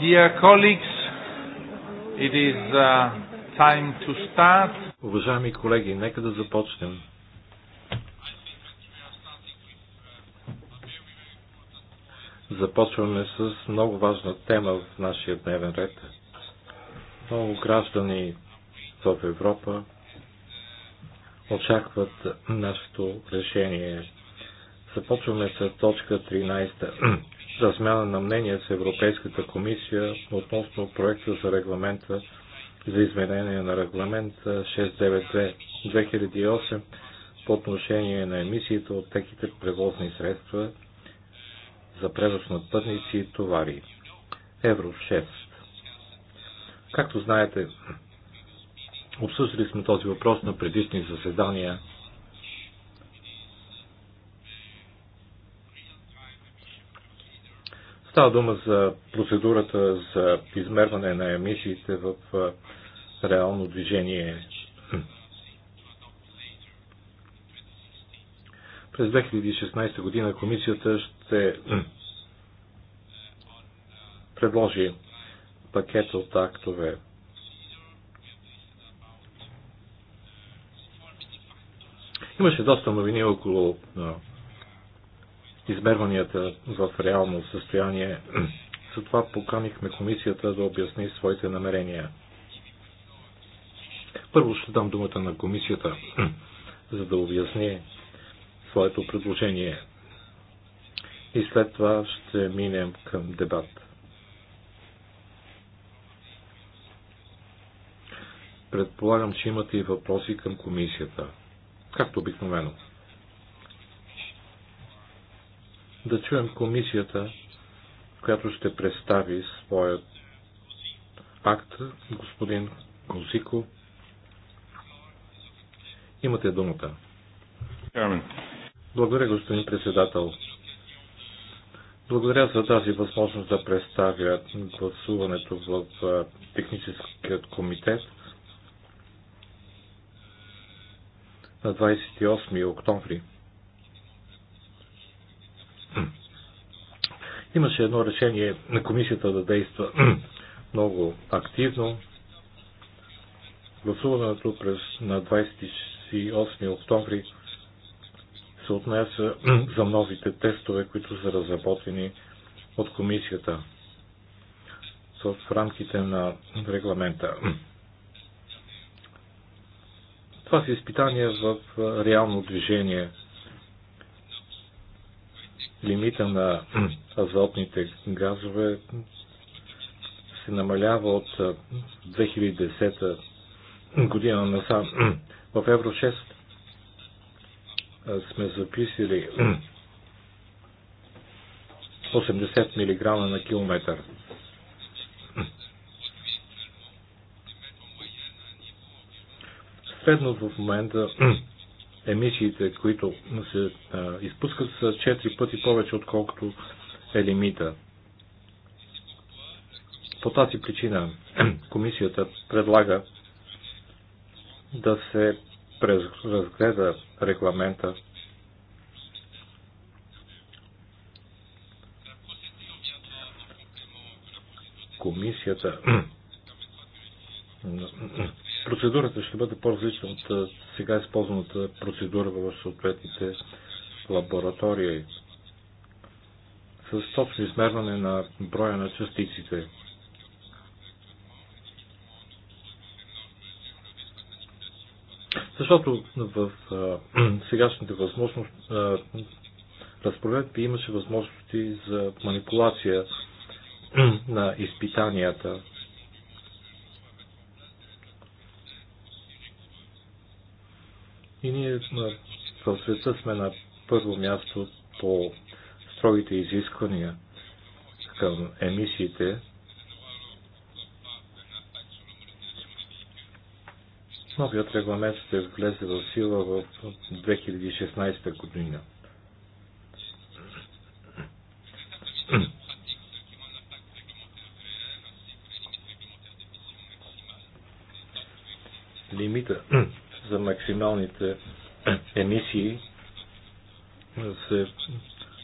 Dear colleagues, it is uh, time to start. Уважаеми колеги, нека да започнем. Започваме с много важна тема в нашия дневен ред. Много граждани в Европа очакват нашето решение. Започваме с точка 13. Размяна на мнение с Европейската комисия относно проекта за регламента за изменение на регламент 692-2008 по отношение на емисиите от теките превозни средства за превоз на пътници и товари. Евро 6. Както знаете, Обсъждали сме този въпрос на предишни заседания. Става дума за процедурата за измерване на емисиите в реално движение. През 2016 година комисията ще предложи пакет от актове Имаше доста новини около измерванията в реално състояние. Затова поканихме комисията да обясни своите намерения. Първо ще дам думата на комисията, за да обясни своето предложение. И след това ще минем към дебат. Предполагам, че имате и въпроси към комисията както обикновено. Да чуем комисията, която ще представи своят акт, господин Козико. Имате думата. Благодаря, господин председател. Благодаря за тази възможност да представя гласуването в техническият комитет на 28 октомври. Имаше едно решение на комисията да действа много активно. Гласуването през на 28 октомври се отнася за новите тестове, които са разработени от комисията в рамките на регламента. Това са изпитания в реално движение. Лимита на азотните газове се намалява от 2010 година насам. В Евро 6 сме записали 80 мг на километър. Средно в момента емисиите, които се а, изпускат, са 4 пъти повече, отколкото е лимита. По тази причина комисията предлага да се разгледа регламента комисията Процедурата ще бъде по-различна от сега използваната процедура в съответните лаборатории с точно измерване на броя на частиците. Защото в а, сегашните възможности разпоредби имаше възможности за манипулация на изпитанията. И ние в света сме на първо място по строгите изисквания към емисиите. Новият регламент ще влезе в сила в 2016 година. за емисии се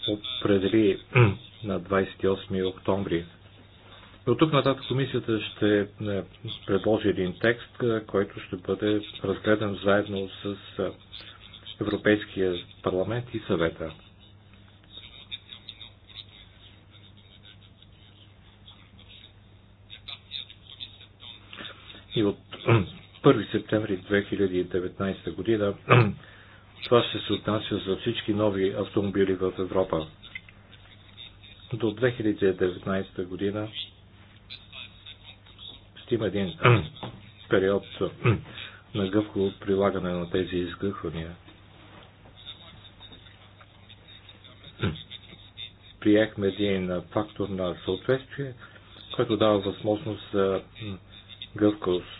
определи на 28 октомври. От тук нататък комисията ще е, предложи един текст, е, който ще бъде разгледан заедно с е, Европейския парламент и съвета. 1 септември 2019 година това ще се отнася за всички нови автомобили в Европа. До 2019 година ще има един период на гъвко прилагане на тези изгъхвания. Приехме един фактор на съответствие, който дава възможност за гъвкост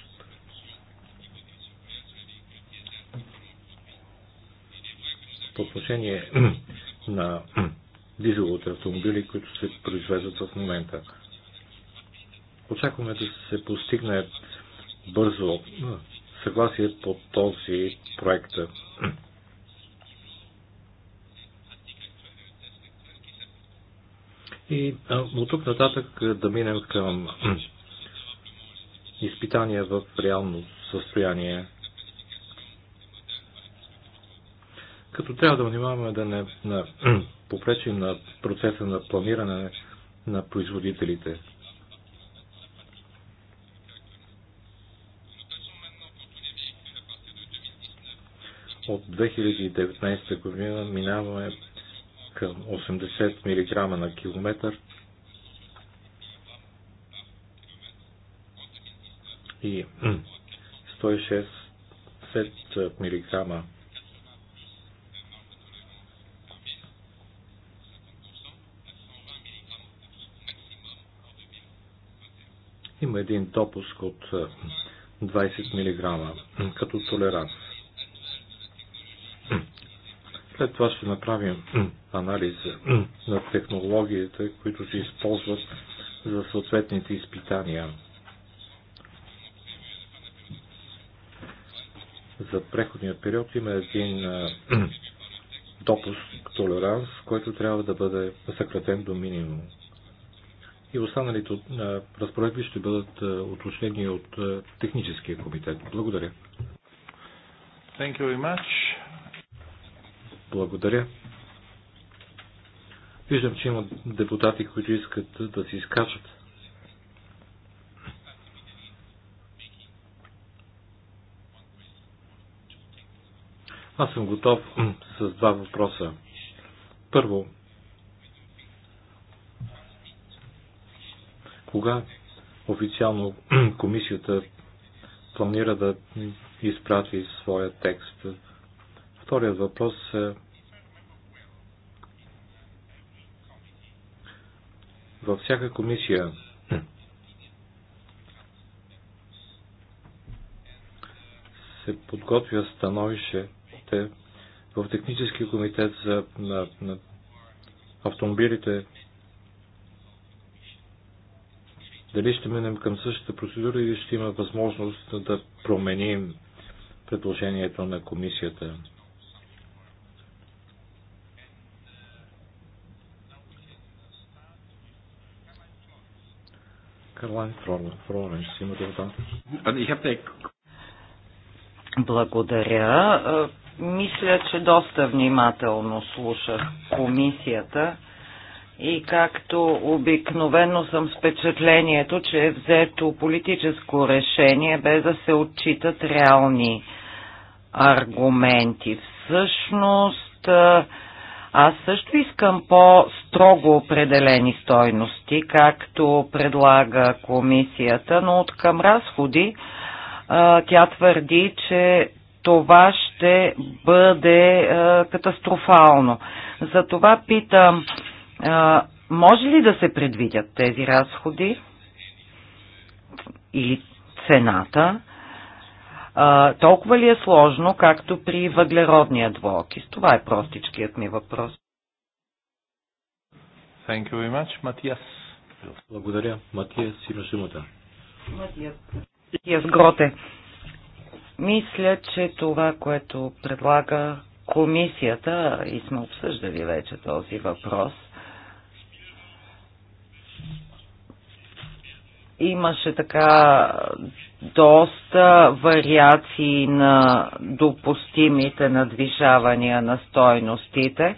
по отношение на дизеловите автомобили, които се произвеждат в момента. Очакваме да се постигне бързо съгласие по този проект. И от тук нататък да минем към изпитания в реално състояние. като трябва да внимаваме да не на, попречим на процеса на планиране на производителите. От 2019 година минаваме към 80 мг на километър и 160 мг Има един допуск от 20 е, мг като толеранс. След това ще направим е, анализ е, на технологията, които се използват за съответните изпитания. За преходния период има един допуск, толеранс, който трябва да бъде съкратен до минимум и останалите разпоредби ще бъдат уточнени от техническия комитет. Благодаря. Thank you very much. Благодаря. Виждам, че има депутати, които искат да се изкачат. Аз съм готов с два въпроса. Първо, Кога официално комисията планира да изпрати своя текст? Вторият въпрос е във всяка комисия се подготвя становище в технически комитет за на, на автомобилите Дали ще минем към същата процедура или ще има възможност да променим предложението на комисията? Карлайн Фролен, има да ами, Благодаря. Е, мисля, че доста внимателно слушах комисията и както обикновено съм с впечатлението, че е взето политическо решение, без да се отчитат реални аргументи. Всъщност, аз също искам по-строго определени стойности, както предлага комисията, но от към разходи тя твърди, че това ще бъде катастрофално. Затова питам, може ли да се предвидят тези разходи или цената? А, толкова ли е сложно, както при въглеродния двуокис? Това е простичкият ми въпрос. Thank you very much, Матиас. Благодаря. Матиас, имаш думата. Матиас. Матиас Гроте. Мисля, че това, което предлага комисията, и сме обсъждали вече този въпрос, Имаше така доста вариации на допустимите надвижавания на стойностите,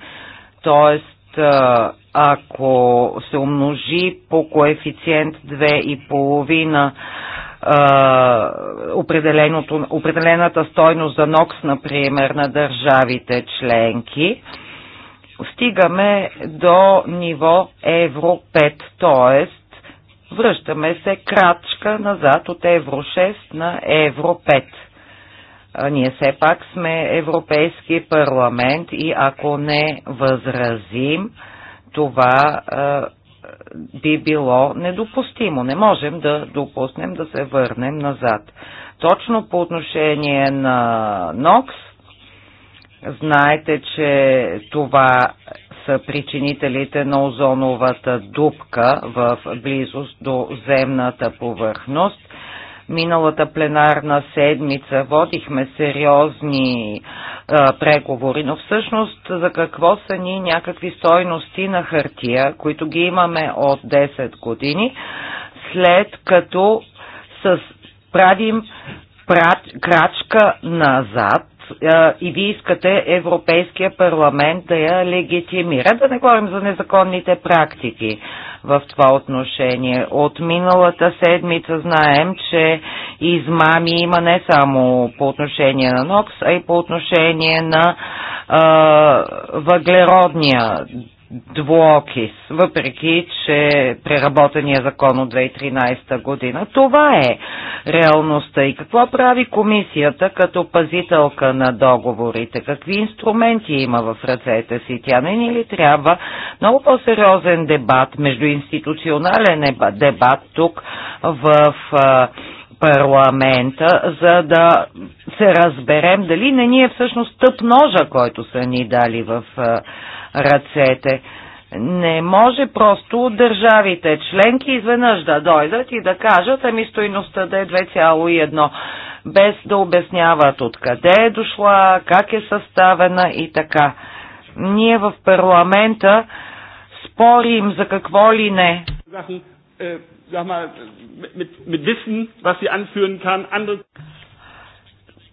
т.е. ако се умножи по коефициент 2,5 определената стойност за НОКС, например, на държавите членки, стигаме до ниво Евро 5, т.е. Връщаме се крачка назад от Евро 6 на Евро 5 ние все пак сме Европейски парламент и ако не възразим, това а, би било недопустимо. Не можем да допуснем да се върнем назад. Точно по отношение на НОКС, знаете, че това са причинителите на озоновата дупка в близост до земната повърхност. Миналата пленарна седмица водихме сериозни а, преговори, но всъщност за какво са ни някакви стойности на хартия, които ги имаме от 10 години, след като с правим прач, крачка назад и ви искате Европейския парламент да я легитимира. Да не говорим за незаконните практики в това отношение. От миналата седмица знаем, че измами има не само по отношение на НОКС, а и по отношение на а, въглеродния двуокис, въпреки че преработения закон от 2013 година. Това е реалността. И какво прави комисията като пазителка на договорите? Какви инструменти има в ръцете си? Тя не ни ли трябва много по-сериозен дебат, междуинституционален дебат тук в парламента, за да се разберем дали не ни е всъщност тъп ножа, който са ни дали в ръцете. Не може просто държавите членки изведнъж да дойдат и да кажат, ами стойността да е 2,1, без да обясняват откъде е дошла, как е съставена и така. Ние в парламента спорим за какво ли не. Э,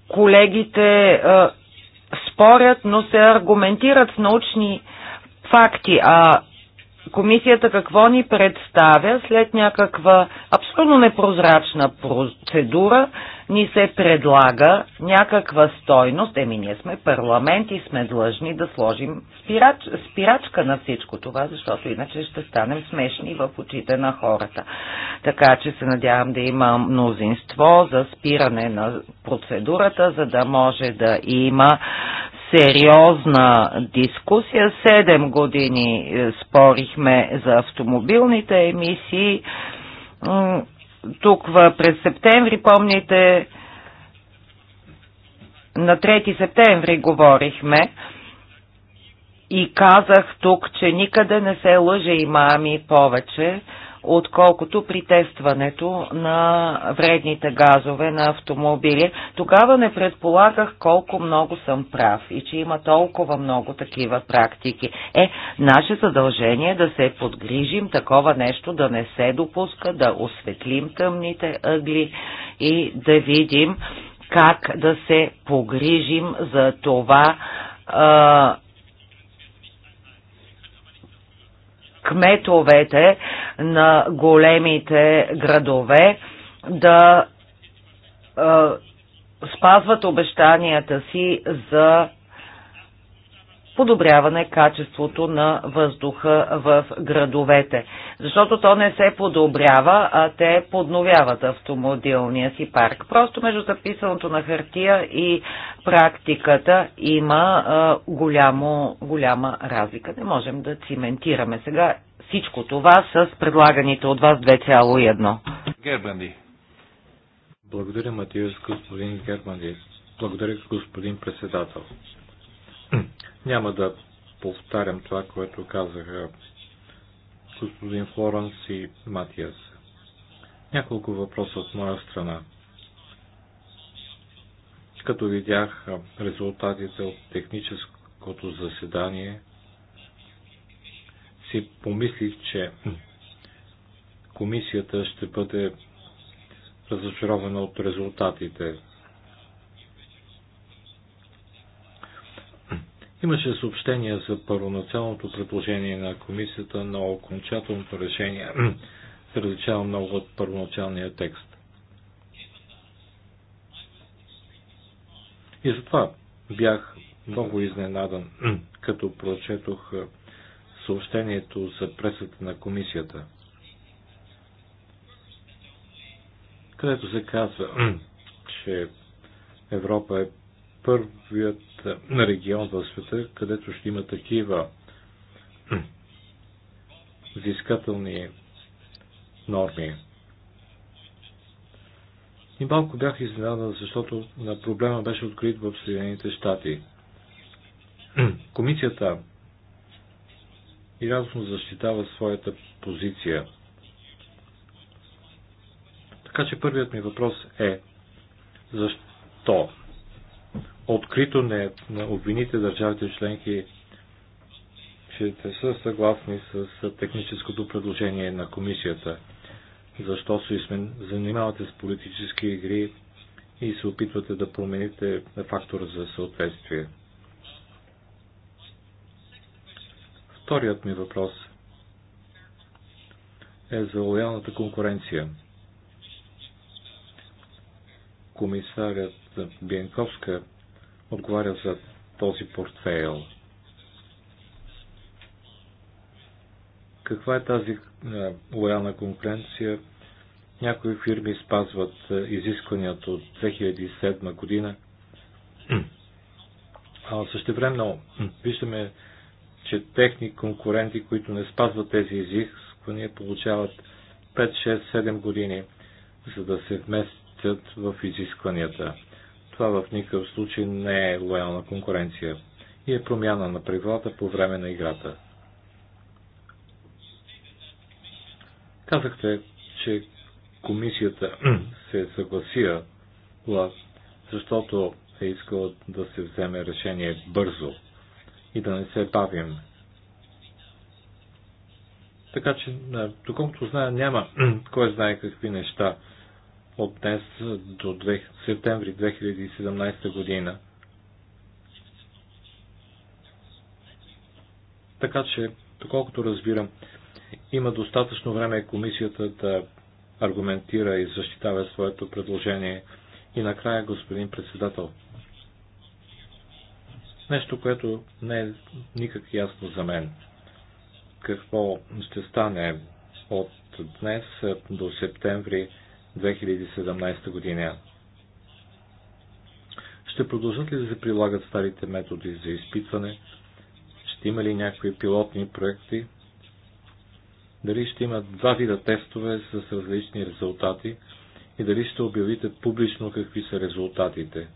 Колегите э, спорят, но се аргументират с научни факти, а комисията какво ни представя след някаква абсолютно непрозрачна процедура, ни се предлага някаква стойност. Еми, ние сме парламент и сме длъжни да сложим спирач, спирачка на всичко това, защото иначе ще станем смешни в очите на хората. Така че се надявам да има мнозинство за спиране на процедурата, за да може да има сериозна дискусия. Седем години е, спорихме за автомобилните емисии тук през септември, помните, на 3 септември говорихме и казах тук, че никъде не се лъже имами повече, отколкото при тестването на вредните газове на автомобили. Тогава не предполагах колко много съм прав и че има толкова много такива практики. Е, наше задължение е да се подгрижим такова нещо да не се допуска, да осветлим тъмните ъгли и да видим как да се погрижим за това, кметовете на големите градове да спазват обещанията си за подобряване качеството на въздуха в градовете. Защото то не се подобрява, а те подновяват автомобилния си парк. Просто между записаното на хартия и практиката има а, голямо, голяма разлика. Не можем да циментираме сега всичко това с предлаганите от вас 2,1. Гербанди. Благодаря, Матиус, господин Гербанди, Благодаря, господин председател. Няма да повтарям това, което казаха господин Флоренс и Матиас. Няколко въпроса от моя страна. Като видях резултатите от техническото заседание, си помислих, че комисията ще бъде разочарована от резултатите. Имаше съобщение за първоначалното предложение на комисията на окончателното решение. Се различава много от първоначалния текст. И затова бях много изненадан, като прочетох съобщението за пресата на комисията, където се казва, че Европа е първият регион в света, където ще има такива изискателни норми. И малко бях изненадан, защото на проблема беше открит в Съединените щати. Комисията и радостно защитава своята позиция. Така че първият ми въпрос е защо открито не обвините държавите членки, че те са съгласни с техническото предложение на комисията. Защо се занимавате с политически игри и се опитвате да промените фактора за съответствие? Вторият ми въпрос е за лоялната конкуренция. Комисарят Бенковска отговаря за този портфейл. Каква е тази е, лоялна конкуренция? Някои фирми спазват е, изискванията от 2007 година, а същевременно виждаме, че техни конкуренти, които не спазват тези изисквания, получават 5, 6, 7 години, за да се вместят в изискванията. Това в никакъв случай не е лоялна конкуренция и е промяна на правилата по време на играта. Казахте, че комисията се е съгласила, защото е искала да се вземе решение бързо и да не се бавим. Така че, доколкото знае, няма кой знае какви неща от днес до 2, септември 2017 година. Така че, доколкото разбирам, има достатъчно време комисията да аргументира и защитава своето предложение. И накрая, господин председател, нещо, което не е никак ясно за мен. Какво ще стане от днес до септември 2017 година. Ще продължат ли да се прилагат старите методи за изпитване? Ще има ли някакви пилотни проекти? Дали ще има два вида тестове с различни резултати? И дали ще обявите публично какви са резултатите?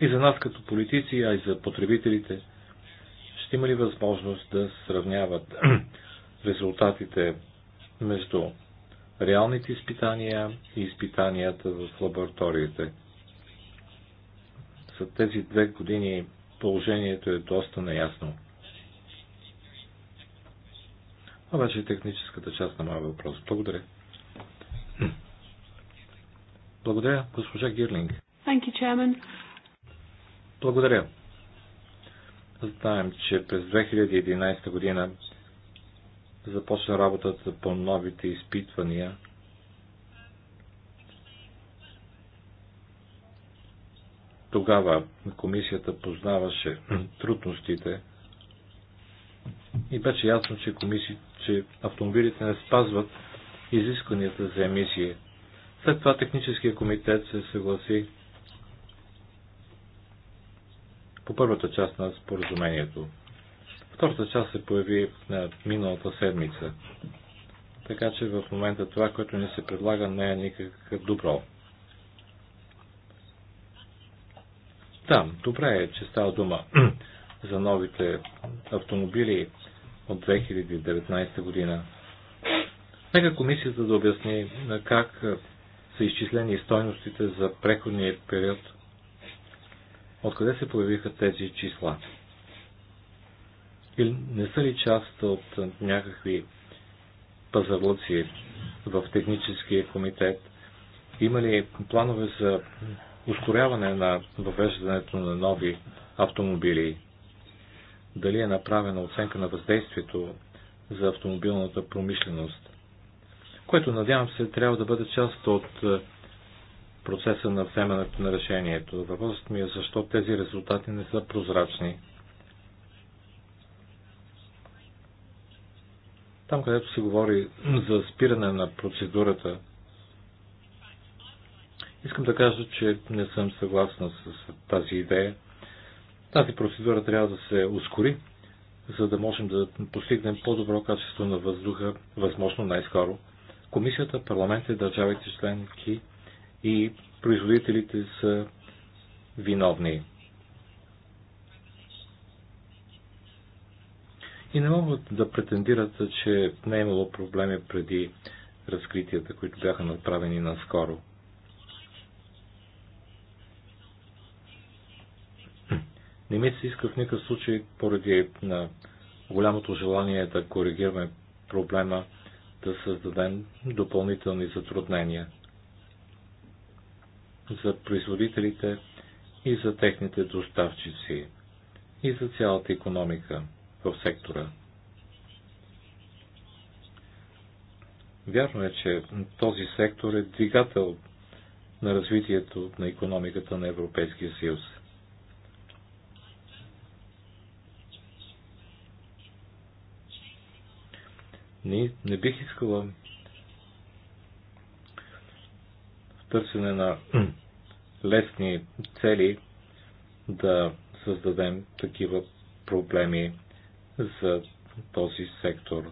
И за нас като политици, а и за потребителите, ще има ли възможност да сравняват резултатите между реалните изпитания и изпитанията в лабораториите. За тези две години положението е доста неясно. Това беше техническата част на моя въпрос. Благодаря. Благодаря, госпожа Гирлинг. Thank you, chairman. Благодаря. Знаем, че през 2011 година започна работата по новите изпитвания. Тогава комисията познаваше трудностите и беше ясно, че, комисии, че автомобилите не спазват изискванията за емисии. След това техническия комитет се съгласи по първата част на споразумението. Втората част се появи на е, миналата седмица. Така че в момента това, което ни се предлага, не е никак добро. Да, добре е, че става дума за новите автомобили от 2019 година. Нека комисията да обясни как е, са изчислени стойностите за преходния период. Откъде се появиха тези числа? не са ли част от някакви пазарлъци в техническия комитет? Има ли планове за ускоряване на въвеждането на нови автомобили? Дали е направена оценка на въздействието за автомобилната промишленост? Което, надявам се, трябва да бъде част от е, процеса на вземането на решението. Въпросът ми е защо тези резултати не са прозрачни. Там, където се говори за спиране на процедурата, искам да кажа, че не съм съгласна с тази идея. Тази процедура трябва да се ускори, за да можем да постигнем по-добро качество на въздуха, възможно най-скоро. Комисията, парламентът, държавите членки и производителите са виновни. и не могат да претендират, че не е имало проблеми преди разкритията, които бяха направени наскоро. Не ми се иска в никакъв случай, поради на голямото желание да коригираме проблема, да създадем допълнителни затруднения за производителите и за техните доставчици и за цялата економика в сектора. Вярно е, че този сектор е двигател на развитието на економиката на Европейския съюз. Не, не бих искала в търсене на лесни цели да създадем такива проблеми за този сектор.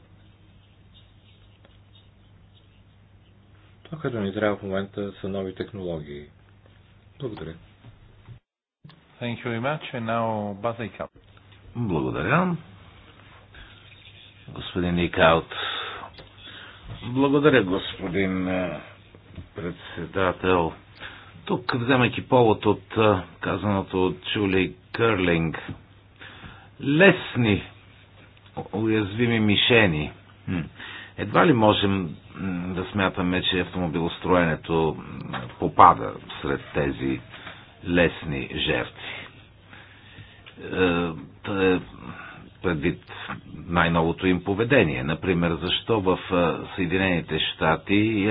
Това, което ни трябва в момента, са нови технологии. Благодаря. Thank you very much. And now, Благодаря. Господин Икаут. Благодаря, господин е, председател. Тук, вземайки повод от е, казаното от Чули Кърлинг, лесни уязвими мишени. Едва ли можем да смятаме, че автомобилостроенето попада сред тези лесни жертви. Е, е предвид най-новото им поведение. Например, защо в е, Съединените щати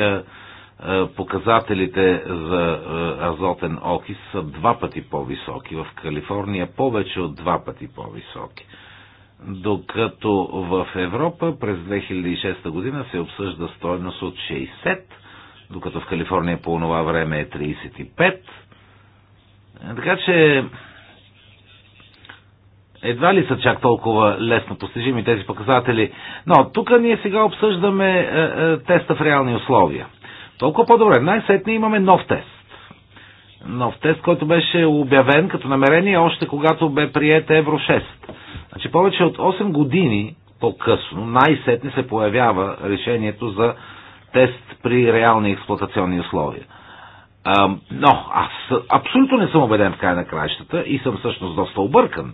показателите за азотен окис са два пъти по-високи, в Калифорния повече от два пъти по-високи докато в Европа през 2006 година се обсъжда стойност от 60, докато в Калифорния по това време е 35. Така че едва ли са чак толкова лесно постижими тези показатели. Но тук ние сега обсъждаме е, е, теста в реални условия. Толкова по-добре. Най-сетне имаме нов тест нов тест, който беше обявен като намерение още когато бе прият Евро 6. Значи повече от 8 години по-късно най-сетне се появява решението за тест при реални експлуатационни условия. А, но аз абсолютно не съм убеден в края на краищата и съм всъщност доста объркан.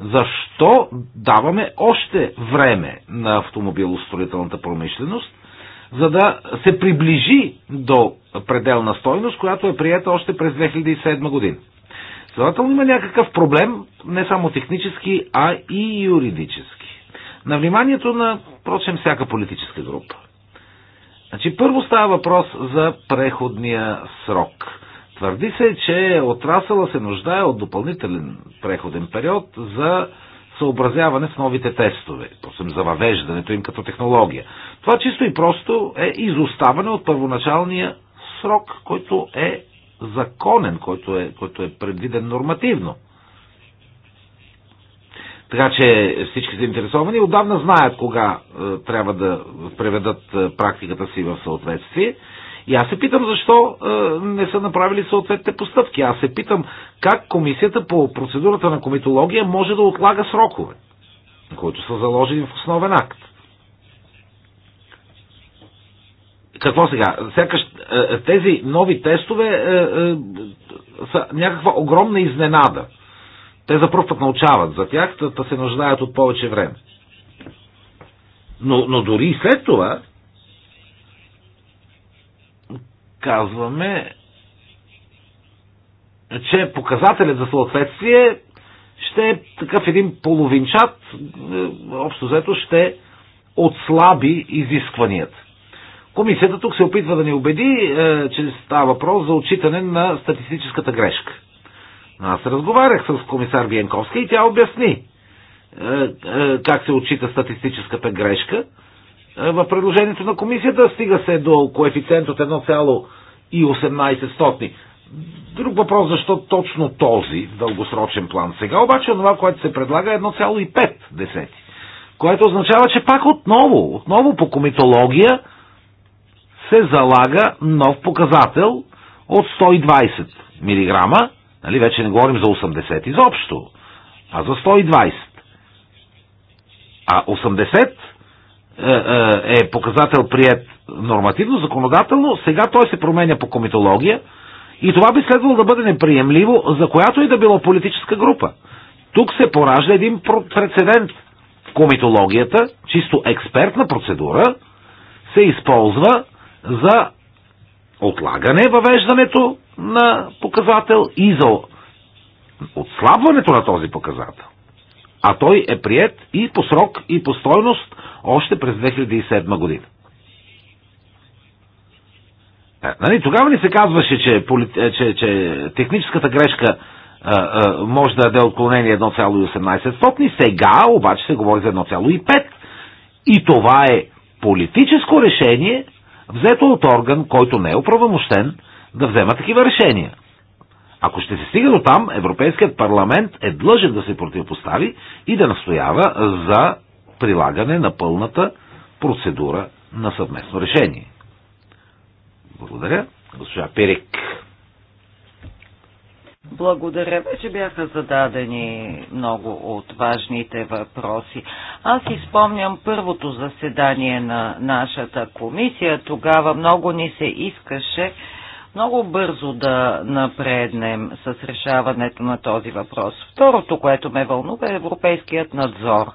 Защо даваме още време на автомобилостроителната промишленост за да се приближи до пределна стойност, която е приета още през 2007 година. Следователно има някакъв проблем, не само технически, а и юридически. На вниманието на, прочем, всяка политическа група. Значи, първо става въпрос за преходния срок. Твърди се, че отрасъла се нуждае от допълнителен преходен период за съобразяване с новите тестове, посъм за въвеждането им като технология. Това чисто и просто е изоставане от първоначалния срок, който е законен, който е, който е предвиден нормативно. Така че всички заинтересовани отдавна знаят кога е, трябва да преведат е, практиката си в съответствие и аз се питам защо е, не са направили съответните постъпки. Аз се питам как комисията по процедурата на комитология може да отлага срокове, които са заложени в основен акт. Какво сега? Сякаш е, е тези нови тестове е, е, са някаква огромна изненада. Те за първ път научават за тях, да се нуждаят от повече време. Но, но дори и след това, казваме, че показателят за съответствие ще е такъв един половинчат, е, общо взето ще отслаби изискванията. Комисията тук се опитва да ни убеди, е, че става въпрос за отчитане на статистическата грешка. Аз разговарях с комисар Виенковска и тя обясни е, как се отчита статистическата грешка е, в предложението на комисията стига се до коефициент от 1,18. Друг въпрос, защо точно този дългосрочен план. Сега обаче това, което се предлага е 1,5, което означава, че пак отново, отново по комитология се залага нов показател от 120 мг. Нали, вече не говорим за 80 изобщо, а за 120. А 80 е, е, е показател прият нормативно, законодателно, сега той се променя по комитология и това би следвало да бъде неприемливо за която и да било политическа група. Тук се поражда един прецедент. Комитологията, чисто експертна процедура, се използва за отлагане въвеждането на показател и за отслабването на този показател. А той е прият и по срок, и по стойност още през 2007 година. Е, нали, тогава ни се казваше, че, е, че, че техническата грешка а, е, а, може да даде отклонение 1,18, сега обаче се говори за 1,5. И това е политическо решение, взето от орган, който не е оправомощен да взема такива решения. Ако ще се стига до там, Европейският парламент е длъжен да се противопостави и да настоява за прилагане на пълната процедура на съвместно решение. Благодаря. Госпожа Перик. Благодаря. Вече бяха зададени много от важните въпроси. Аз изпомням първото заседание на нашата комисия. Тогава много ни се искаше много бързо да напреднем с решаването на този въпрос. Второто, което ме вълнува е европейският надзор.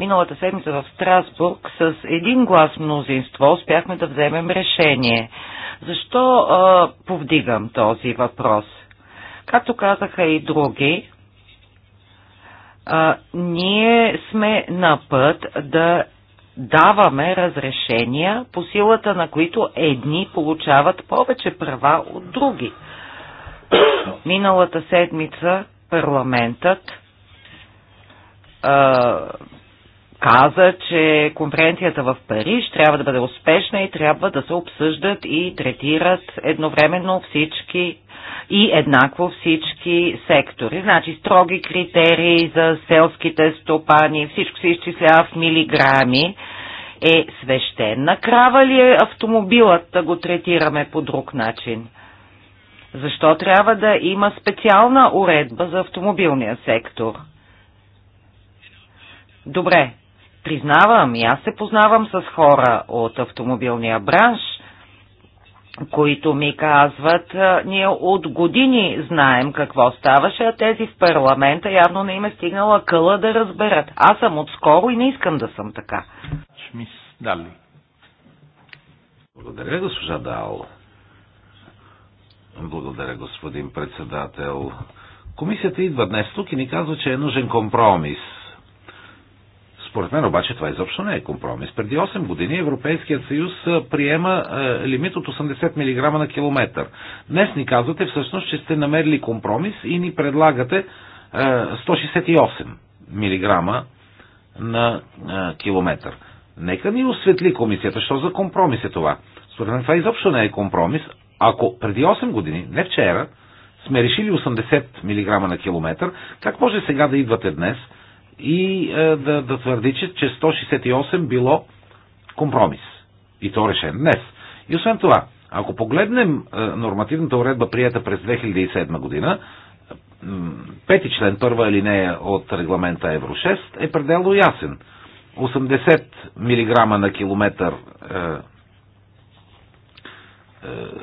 Миналата седмица в Страсбург с един глас мнозинство успяхме да вземем решение. Защо а, повдигам този въпрос? Както казаха и други, а, ние сме на път да даваме разрешения, по силата на които едни получават повече права от други. Миналата седмица парламентът а, каза, че конференцията в Париж трябва да бъде успешна и трябва да се обсъждат и третират едновременно всички и еднакво всички сектори. Значи строги критерии за селските стопани, всичко се изчислява в милиграми. Е, свещена крава ли е автомобилът да го третираме по друг начин? Защо трябва да има специална уредба за автомобилния сектор? Добре, Признавам, и аз се познавам с хора от автомобилния бранш, които ми казват, ние от години знаем какво ставаше, а тези в парламента явно не им е стигнала къла да разберат. Аз съм отскоро и не искам да съм така. Шмис, дали. Благодаря, госпожа Дал. Благодаря, господин председател. Комисията идва днес тук и ни казва, че е нужен компромис – според мен обаче това изобщо не е компромис. Преди 8 години Европейският съюз приема е, лимит от 80 мг на километър. Днес ни казвате всъщност, че сте намерили компромис и ни предлагате е, 168 мг на е, километър. Нека ни осветли комисията, що за компромис е това. Според мен това изобщо не е компромис. Ако преди 8 години, не вчера, сме решили 80 мг на километър, как може сега да идвате днес – и е, да, да твърди, че, че 168 било компромис. И то решен днес. И освен това, ако погледнем е, нормативната уредба, прията през 2007 година, пети член, първа алинея от регламента Евро 6 е пределно ясен. 80 мг на километър е, е,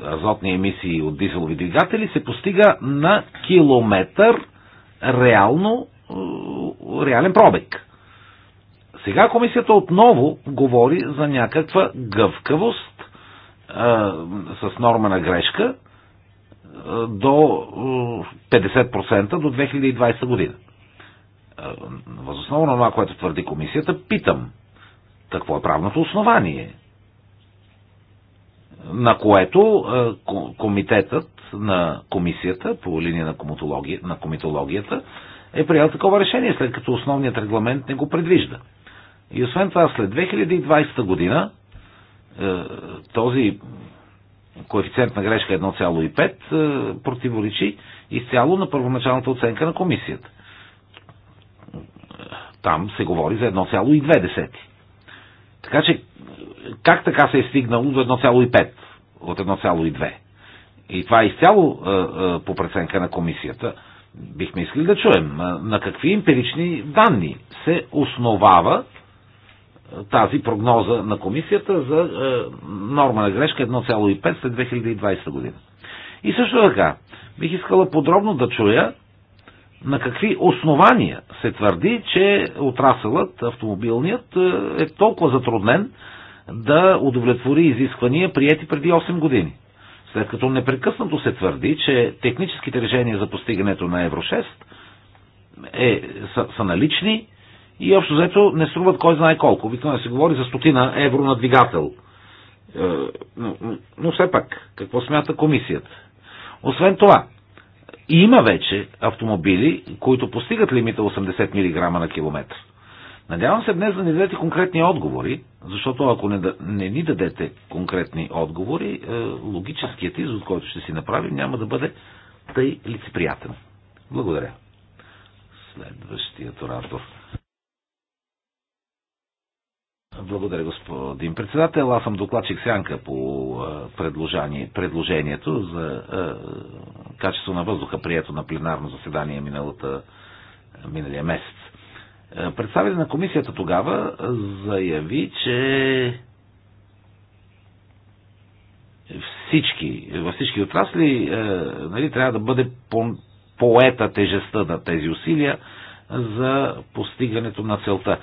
азотни емисии от дизелови двигатели се постига на километър реално реален пробег. Сега комисията отново говори за някаква гъвкавост а, с норма на грешка а, до 50% до 2020 година. Възоснова на това, което твърди комисията, питам какво е правното основание, на което комитетът на комисията по линия на, на комитологията е приял такова решение, след като основният регламент не го предвижда. И освен това, след 2020 година е, този коефициент на грешка 1,5 е, противоречи изцяло на първоначалната оценка на комисията. Там се говори за 1,2. Така че, как така се е стигнало до 1,5 от 1,2? И това е изцяло е, по преценка на комисията бихме искали да чуем на какви емпирични данни се основава е, тази прогноза на комисията за е, норма на грешка 1,5 след 2020 година. И също така, бих искала подробно да чуя на какви основания се твърди, че отрасълът, автомобилният, е, е толкова затруднен да удовлетвори изисквания, прияти преди 8 години след като непрекъснато се твърди, че техническите решения за постигането на Евро 6 е, са, са налични и общо взето не струват кой знае колко. Обикновено се говори за стотина евро на двигател. Е, но, но все пак, какво смята комисията? Освен това, има вече автомобили, които постигат лимита 80 мг на километр. Надявам се днес да ни дадете конкретни отговори, защото ако не, не ни дадете конкретни отговори, е, логическият извод, който ще си направим, няма да бъде тъй лицеприятен. Благодаря. Следващият оратор. Благодаря, господин председател. Аз съм докладчик Сянка по е, предложение, предложението за е, качество на въздуха, прието на пленарно заседание миналата, е, миналия месец. Е, представителят на комисията тогава заяви, че всички, във всички отрасли е, нали, трябва да бъде по, поета тежестта на тези усилия за постигането на целта.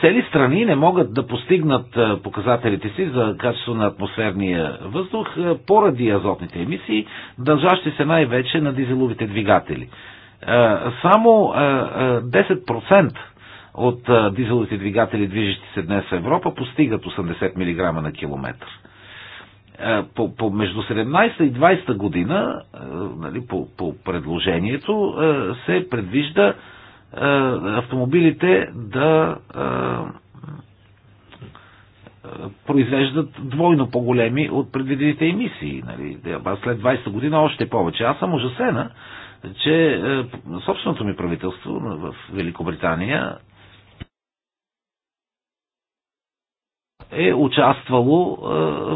Цели страни не могат да постигнат показателите си за качество на атмосферния въздух поради азотните емисии, дължащи се най-вече на дизеловите двигатели. Само 10% от дизеловите двигатели, движещи се днес в Европа, постигат 80 мг на километр. по, по между 17 и 20 година, нали, по, по предложението, се предвижда е, автомобилите да е, произвеждат двойно по-големи от предвидените емисии. Нали? След 20 година още повече. Аз съм ужасена, че е, собственото ми правителство в Великобритания е участвало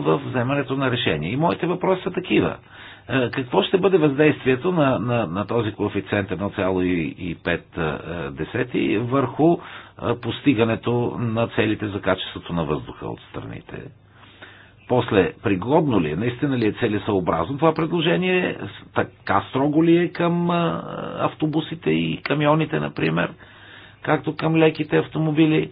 в вземането на решения. И моите въпроси са такива. Е, какво ще бъде въздействието на, на, на този коефициент 1,5 върху е, постигането на целите за качеството на въздуха от страните? После, пригодно ли е, наистина ли е целесъобразно това предложение, така строго ли е към е, автобусите и камионите, например, както към леките автомобили?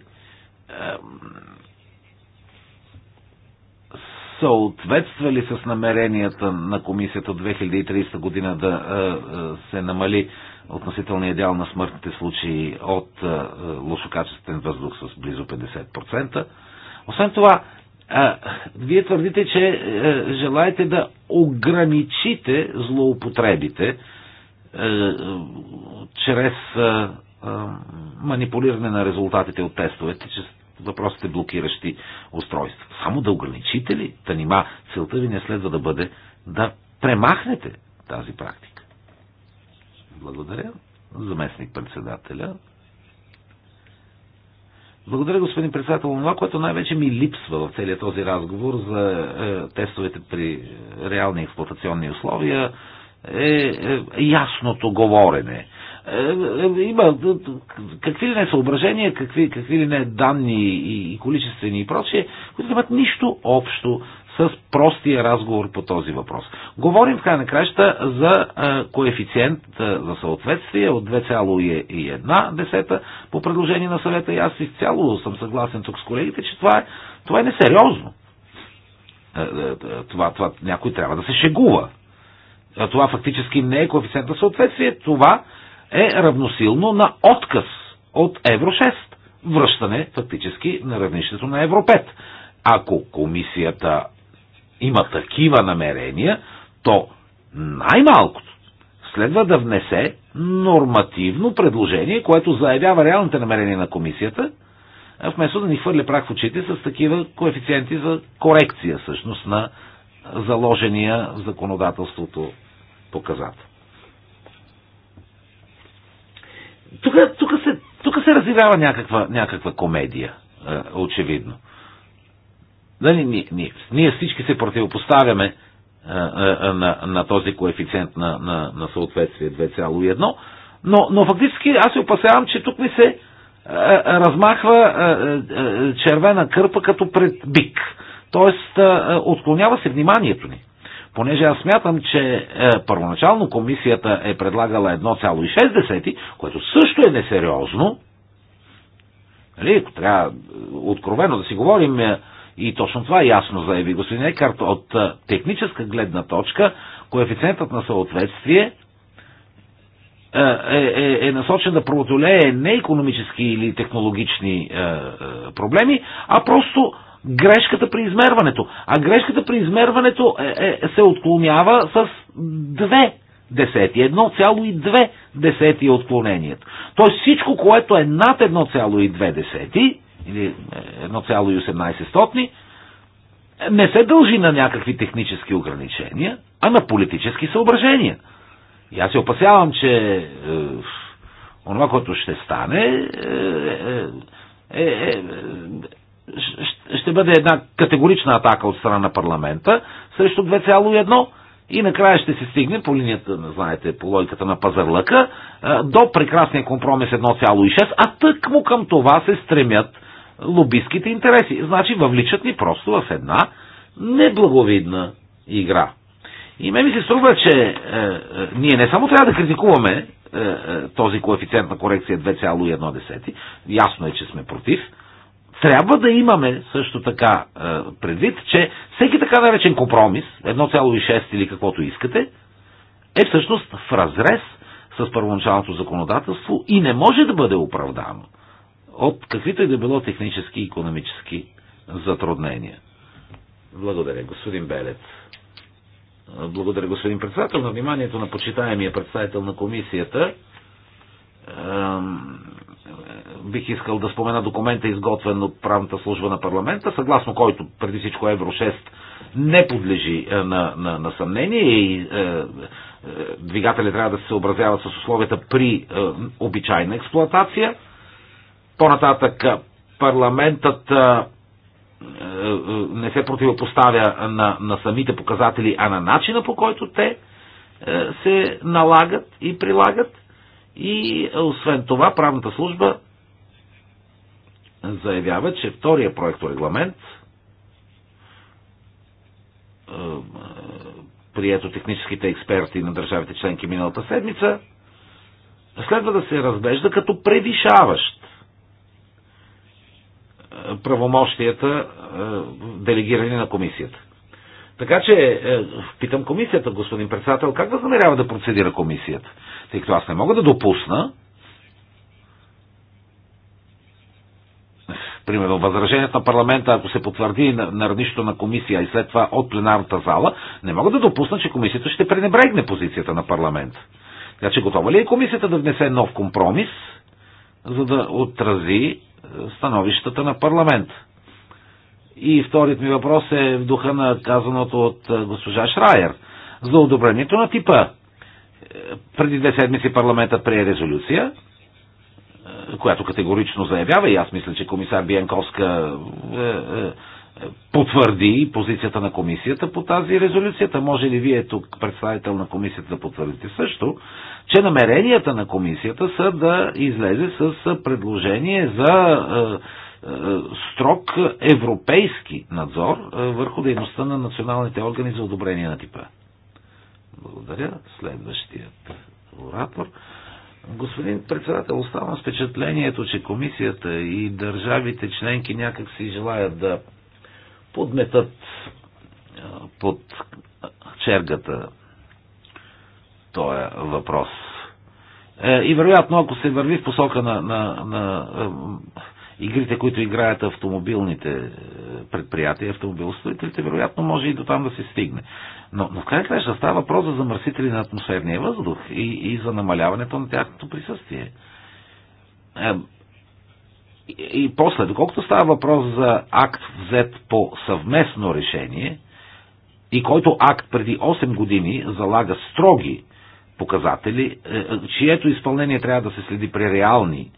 Съответствали с намеренията на комисията от 2030 година да е, е, се намали относителния дял на смъртните случаи от е, лошокачествен въздух с близо 50%. Освен това, вие твърдите, че желаете да ограничите злоупотребите чрез манипулиране на резултатите от тестовете, въпросите блокиращи устройства. Само да ограничите ли? Та нима целта ви не следва да бъде да премахнете тази практика. Благодаря. Заместник председателя. Благодаря, господин председател. Това, което най-вече ми липсва в целият този разговор за е, тестовете при реални експлуатационни условия е, е ясното говорене е, е, има какви ли не съображения, какви, какви ли не данни и, и количествени и прочие, които имат нищо общо с простия разговор по този въпрос. Говорим в край на краща за е, коефициент за съответствие от 2,1 десета по предложение на съвета и аз изцяло съм съгласен тук с колегите, че това е, това е несериозно. Това, това някой трябва да се шегува. Това фактически не е коефициент на съответствие, това е равносилно на отказ от Евро 6. Връщане фактически на равнището на Евро 5. Ако комисията има такива намерения, то най-малкото следва да внесе нормативно предложение, което заявява реалните намерения на комисията, вместо да ни хвърля прах в очите с такива коефициенти за корекция, всъщност, на заложения в законодателството показател. тук, тук, се, тук се разиграва някаква, някаква комедия, е, очевидно. Дали, ние, ние, ние всички се противопоставяме е, е, на, на този коефициент на, на, на съответствие 2,1, но, но фактически аз се опасявам, че тук ми се размахва червена кърпа като пред бик. Тоест, отклонява се вниманието ни понеже аз смятам, че е, първоначално комисията е предлагала 1,6, което също е несериозно. Нали, ако трябва е, откровено да си говорим, е, и точно това е ясно заяви господин Екарт, от е, техническа гледна точка коефициентът на съответствие е, е, е, е насочен да преодолее не економически или технологични е, е, проблеми, а просто грешката при измерването. А грешката при измерването е, е, се отклонява с две десети, 1,2 десети е отклонението. Тоест всичко, което е над 1,2 десети, или 1,18 стотни, не се дължи на някакви технически ограничения, а на политически съображения. И аз се опасявам, че е, онова, което ще стане, е, е, е, ще бъде една категорична атака от страна на парламента срещу 2,1 и накрая ще се стигне по линията, знаете, по логиката на пазарлъка, до прекрасния компромис 1,6, а тък му към това се стремят лобистските интереси. Значи въвличат ни просто в една неблаговидна игра. И ме ми се струва, че е, е, ние не само трябва да критикуваме е, е, този коефициент на корекция 2,1, ясно е, че сме против, трябва да имаме също така е, предвид, че всеки така наречен компромис, 1,6 или каквото искате, е всъщност в разрез с първоначалното законодателство и не може да бъде оправдано от каквито и да било технически и економически затруднения. Благодаря, господин Белец. Благодаря, господин председател, на вниманието на почитаемия представител на комисията бих искал да спомена документа, изготвен от правната служба на парламента, съгласно който преди всичко Евро 6 не подлежи е, на, на, на съмнение и е, е, двигателя трябва да се съобразяват с условията при е, обичайна експлоатация. По-нататък е, парламентът е, е, не се противопоставя на, на самите показатели, а на начина по който те е, се налагат и прилагат. И освен това, правната служба заявява, че втория проекторегламент, е, прието техническите експерти на държавите членки миналата седмица, следва да се разглежда като превишаващ е, правомощията е, делегирани на комисията. Така че, питам комисията, господин председател, как възнамерява да процедира комисията? тъй като аз не мога да допусна, примерно възражението на парламента, ако се потвърди на, на равнището на комисия и след това от пленарната зала, не мога да допусна, че комисията ще пренебрегне позицията на парламента. Така че готова ли е комисията да внесе нов компромис, за да отрази е, становищата на парламент? И вторият ми въпрос е в духа на казаното от е, госпожа Шрайер за одобрението на типа преди две седмици парламентът прие резолюция, е, която категорично заявява, и аз мисля, че комисар Биенковска е, е, потвърди позицията на комисията по тази резолюцията. Може ли вие тук, представител на комисията, да потвърдите също, че намеренията на комисията са да излезе с предложение за строг европейски надзор върху дейността на националните органи за одобрение на типа? Благодаря. Следващият оратор. Господин председател, оставам с впечатлението, че комисията и държавите членки някак си желаят да подметат под чергата този въпрос. Е, и вероятно, ако се върви в посока на, на, на игрите, които играят автомобилните е, предприятия, автомобилостроителите, вероятно може и до там да се стигне. Но, но в край краща става въпрос за замърсители на атмосферния въздух и, и за намаляването на тяхното присъствие. Е, и, и после, доколкото става въпрос за акт взет по съвместно решение, и който акт преди 8 години залага строги показатели, е, е, чието изпълнение трябва да се следи при реални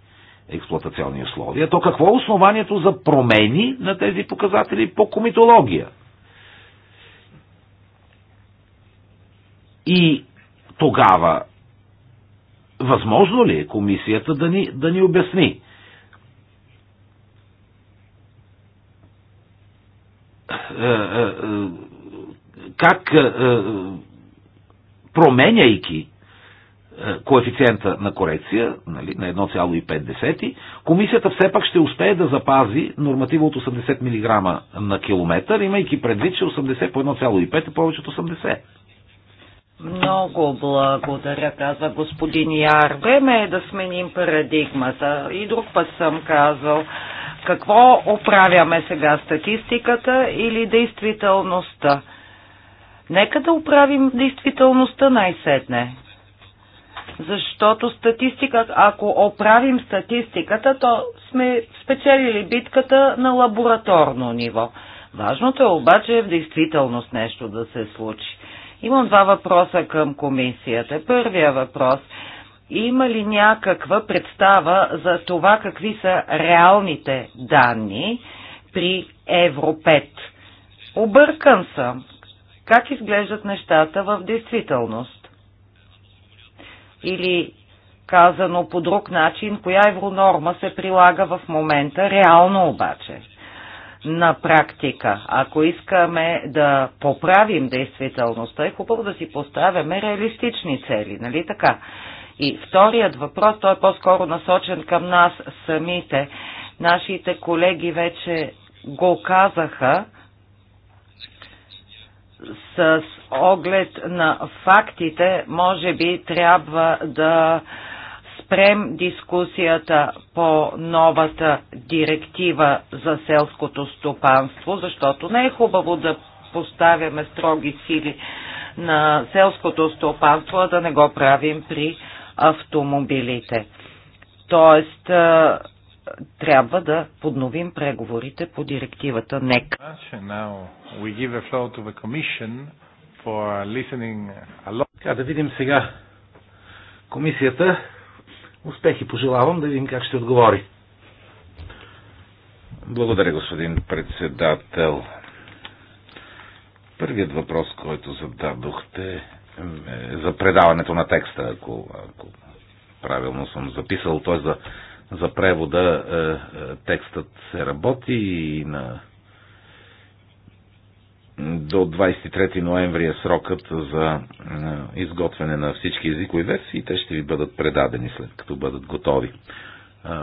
експлуатационни условия, то какво е основанието за промени на тези показатели по комитология? И тогава, възможно ли е комисията да ни, да ни обясни? Е, е, е, как променяйки коефициента на корекция нали, на 1,5, комисията все пак ще успее да запази норматива от 80 мг на километър, имайки предвид, че 80 по 1,5 е повече от 80. Много благодаря, каза господин Яр. Време е да сменим парадигмата. И друг път съм казал, какво оправяме сега, статистиката или действителността? Нека да оправим действителността най-сетне. Защото статистика, ако оправим статистиката, то сме спечелили битката на лабораторно ниво. Важното е обаче в действителност нещо да се случи. Имам два въпроса към комисията. Първия въпрос – има ли някаква представа за това какви са реалните данни при Европет? Объркан съм. Как изглеждат нещата в действителност? Или казано по друг начин, коя евронорма се прилага в момента реално обаче? на практика. Ако искаме да поправим действителността, е хубаво да си поставяме реалистични цели, нали така? И вторият въпрос, той е по-скоро насочен към нас самите. Нашите колеги вече го казаха с оглед на фактите, може би трябва да спрем дискусията по новата директива за селското стопанство, защото не е хубаво да поставяме строги сили на селското стопанство, а да не го правим при автомобилите. Тоест, трябва да подновим преговорите по директивата НЕК. да видим сега комисията Успехи пожелавам да видим как ще отговори. Благодаря, господин председател. Първият въпрос, който зададохте е за предаването на текста, ако, ако правилно съм записал, т.е. за, за превода е, е, текстът се работи и на до 23 ноември е срокът за е, изготвяне на всички езикови версии. Те ще ви бъдат предадени след като бъдат готови.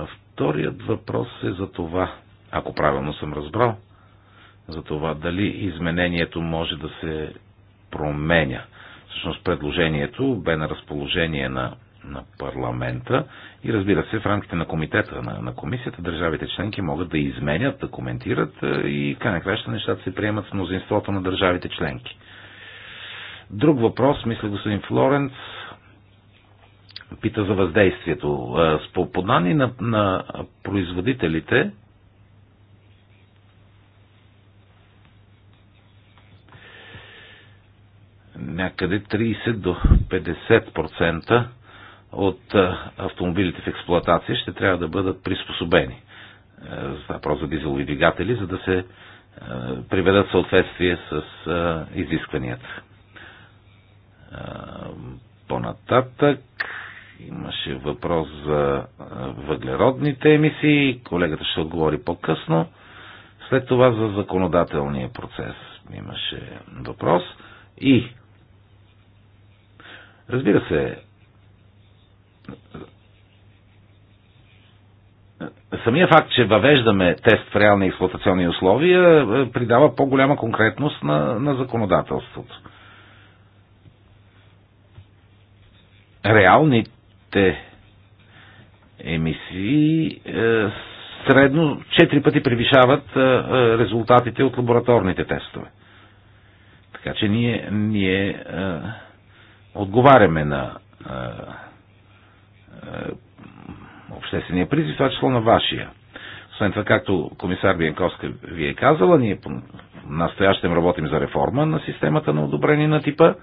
Вторият въпрос е за това, ако правилно съм разбрал, за това дали изменението може да се променя. Всъщност предложението бе на разположение на на парламента и разбира се, в рамките на комитета на, на комисията, държавите членки могат да изменят, да коментират е, и край на краща нещата се приемат с мнозинството на държавите членки. Друг въпрос, мисля господин Флоренц, пита за въздействието. Е, с данни на, на производителите, някъде 30 до 50% от автомобилите в експлоатация ще трябва да бъдат приспособени. Е, е за просто дизелови двигатели, за да се е, приведат в съответствие с изискванията. По-нататък имаше въпрос за въглеродните емисии. Колегата ще отговори по-късно. След това за законодателния процес имаше въпрос. И Разбира се, самия факт, че въвеждаме тест в реални експлуатационни условия, е, придава по-голяма конкретност на, на законодателството. Реалните емисии е, средно 4 пъти превишават е, е, резултатите от лабораторните тестове. Така че ние, ние е, отговаряме на е, е, обществения призив, това число на вашия. Освен това, както комисар Биенковска ви е казала, ние по настоящем работим за реформа на системата на одобрение на типа,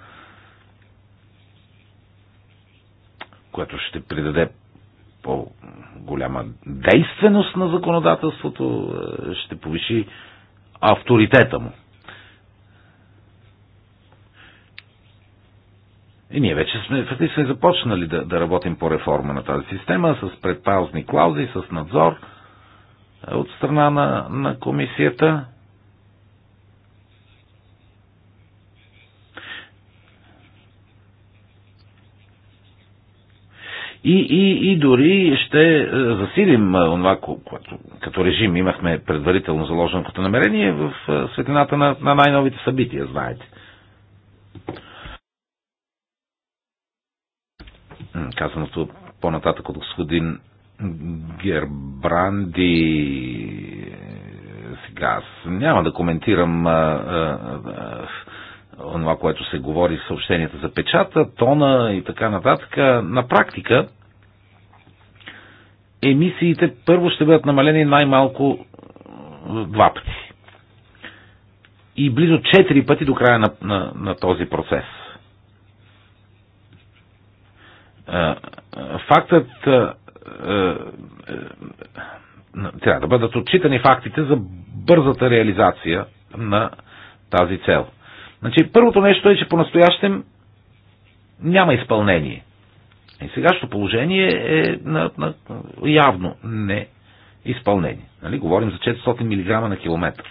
което ще придаде по-голяма действеност на законодателството, е, ще повиши авторитета му. И ние вече сме, сме започнали да, да работим по реформа на тази система с предпазни клаузи, с надзор е, от страна на, на комисията. И, и, и дори ще е, засилим това, е, което като режим имахме предварително заложено като намерение в светлината на, на най-новите събития, знаете. казаното по-нататък от господин Гербранди. Е, сега аз няма да коментирам а, а, а, това, което се говори в съобщенията за печата, тона и така нататък. На практика емисиите първо ще бъдат намалени най-малко два пъти. И близо четири пъти до края на, на, на този процес – Фактът трябва да бъдат отчитани фактите за бързата реализация на тази цел. Значи, първото нещо е, че по-настоящем няма изпълнение. И сегашното положение е на, на явно изпълнение. Нали? Говорим за 400 мг на километър.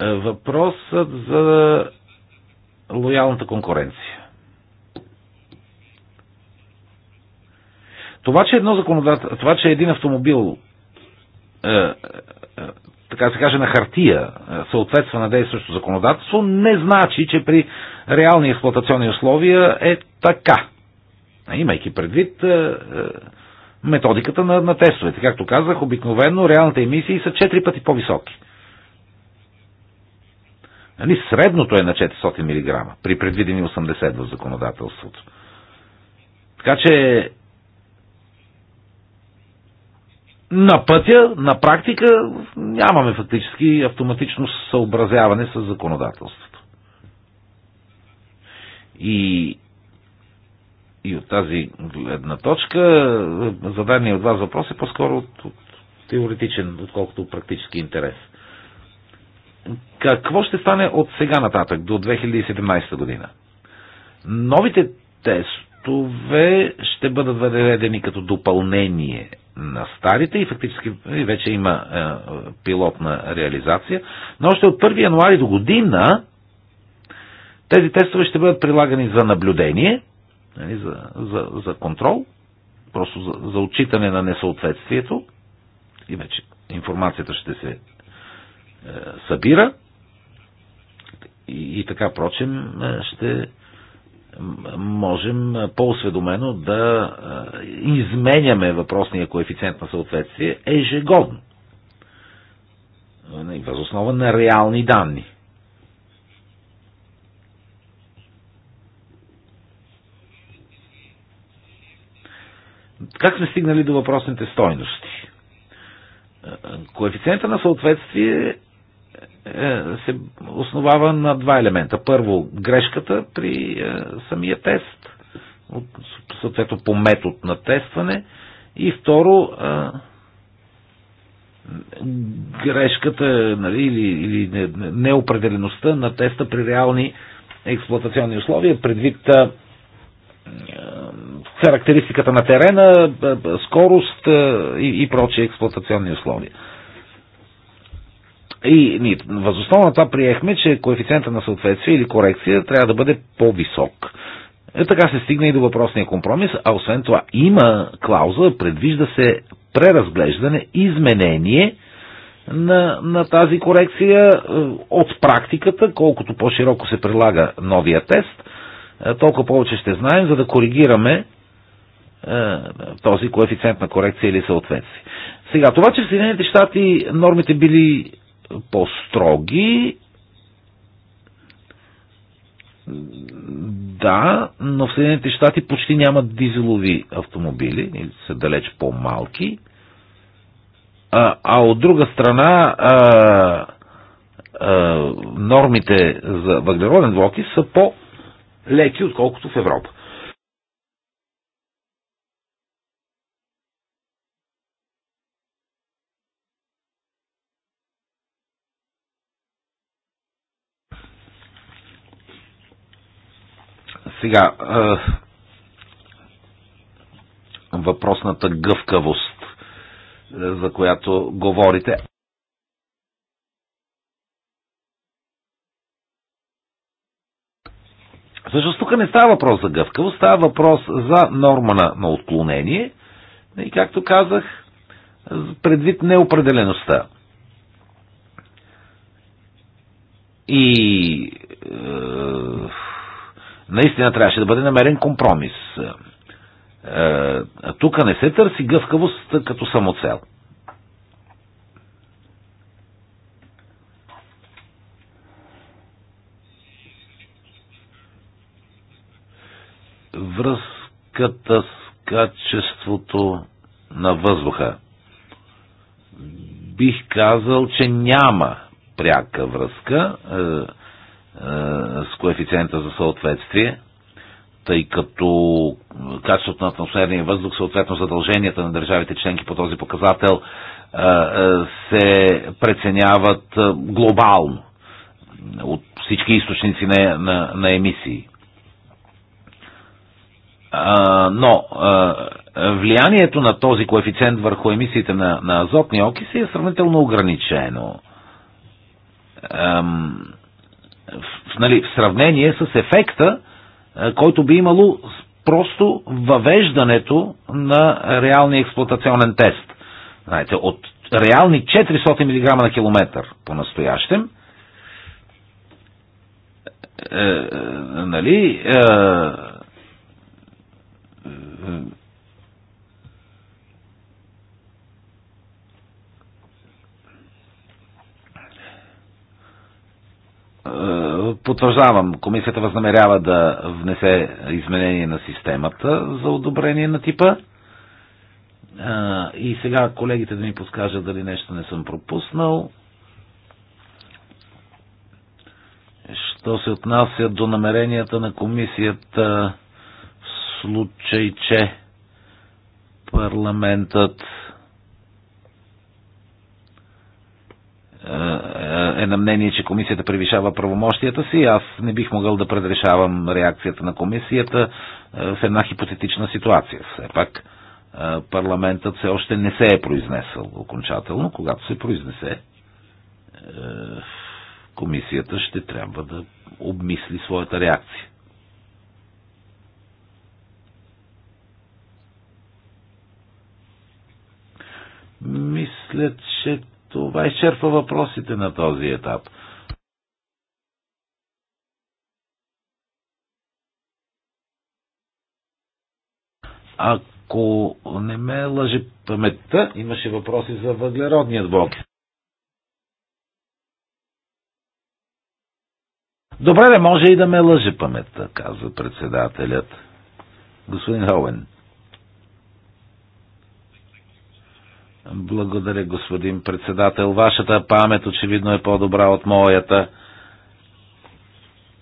Е, въпросът за лоялната конкуренция. Това, че едно законодателство, това, че един автомобил е, е, е, така се каже, на хартия съответства на действащо законодателство, не значи, че при реални експлуатационни условия е така. Имайки предвид методиката на, на тестовете. Както казах, обикновено реалните емисии са 4 пъти по-високи. Нали, средното е на 400 мг при предвидени 80 в законодателството. Така че на пътя, на практика, нямаме фактически автоматично съобразяване с законодателството. И, и от тази гледна точка, задание от вас въпрос е по-скоро от, от теоретичен, отколкото практически интерес. Какво ще стане от сега нататък, до 2017 година? Новите тестове ще бъдат въведени като допълнение на старите и фактически вече има е, пилотна реализация. Но още от 1 януари до година тези тестове ще бъдат прилагани за наблюдение, нали, за, за, за контрол, просто за, за отчитане на несъответствието и вече информацията ще се е, събира и, и така, прочим, е, ще можем по-осведомено да изменяме въпросния коефициент на съответствие ежегодно. Възоснова на реални данни. Как сме стигнали до въпросните стойности? Коефициента на съответствие е, се основава на два елемента. Първо, грешката при е, самия тест, съответно по метод на тестване. И второ, е, грешката нали, или, или неопределеността на теста при реални експлуатационни условия, предвид характеристиката на терена, скорост и, и прочие експлуатационни условия. И ние възоснова на това приехме, че коефициента на съответствие или корекция трябва да бъде по-висок. Е, така се стигна и до въпросния компромис, а освен това има клауза, предвижда се преразглеждане, изменение на, на тази корекция е, от практиката, колкото по-широко се прилага новия тест, е, толкова повече ще знаем, за да коригираме е, този коефициент на корекция или съответствие. Сега, това, че в Съединените щати нормите били по-строги. Да, но в Съединените щати почти нямат дизелови автомобили, са далеч по-малки. А, а от друга страна, а, а, нормите за въглероден двуокис са по-леки, отколкото в Европа. Сега, въпросната гъвкавост, за която говорите. Всъщност тук не става въпрос за гъвкавост, става въпрос за норма на, на отклонение и, както казах, предвид неопределеността. И е, наистина трябваше да бъде намерен компромис. Е, е, тук не се търси гъвкавост като самоцел. Връзката с качеството на въздуха. Бих казал, че няма пряка връзка. Е, е, с коефициента за съответствие, тъй като качеството на атмосферния въздух, съответно задълженията на държавите членки по този показател е, е, се преценяват глобално от всички източници на, на, на емисии. Но влиянието на този коефициент върху емисиите на, на азотни окиси е сравнително ограничено в, нали, в сравнение с ефекта, е, който би имало просто въвеждането на реалния експлуатационен тест. Знаете, от реални 400 мг на километър по-настоящем, е, е, е нали, е, потвърждавам, комисията възнамерява да внесе изменение на системата за одобрение на типа. И сега колегите да ми подскажат дали нещо не съм пропуснал. Що се отнася до намеренията на комисията в случай, че парламентът Е, е на мнение, че комисията превишава правомощията си. Аз не бих могъл да предрешавам реакцията на комисията е, в една хипотетична ситуация. Все пак е, парламентът все още не се е произнесъл окончателно. Когато се произнесе, комисията ще трябва да обмисли своята реакция. Мисля, че това изчерпва въпросите на този етап. Ако не ме лъже паметта, имаше въпроси за въглеродният блок. Добре, не може и да ме лъже паметта, казва председателят. Господин Хоуен. Благодаря, господин председател. Вашата памет очевидно е по-добра от моята.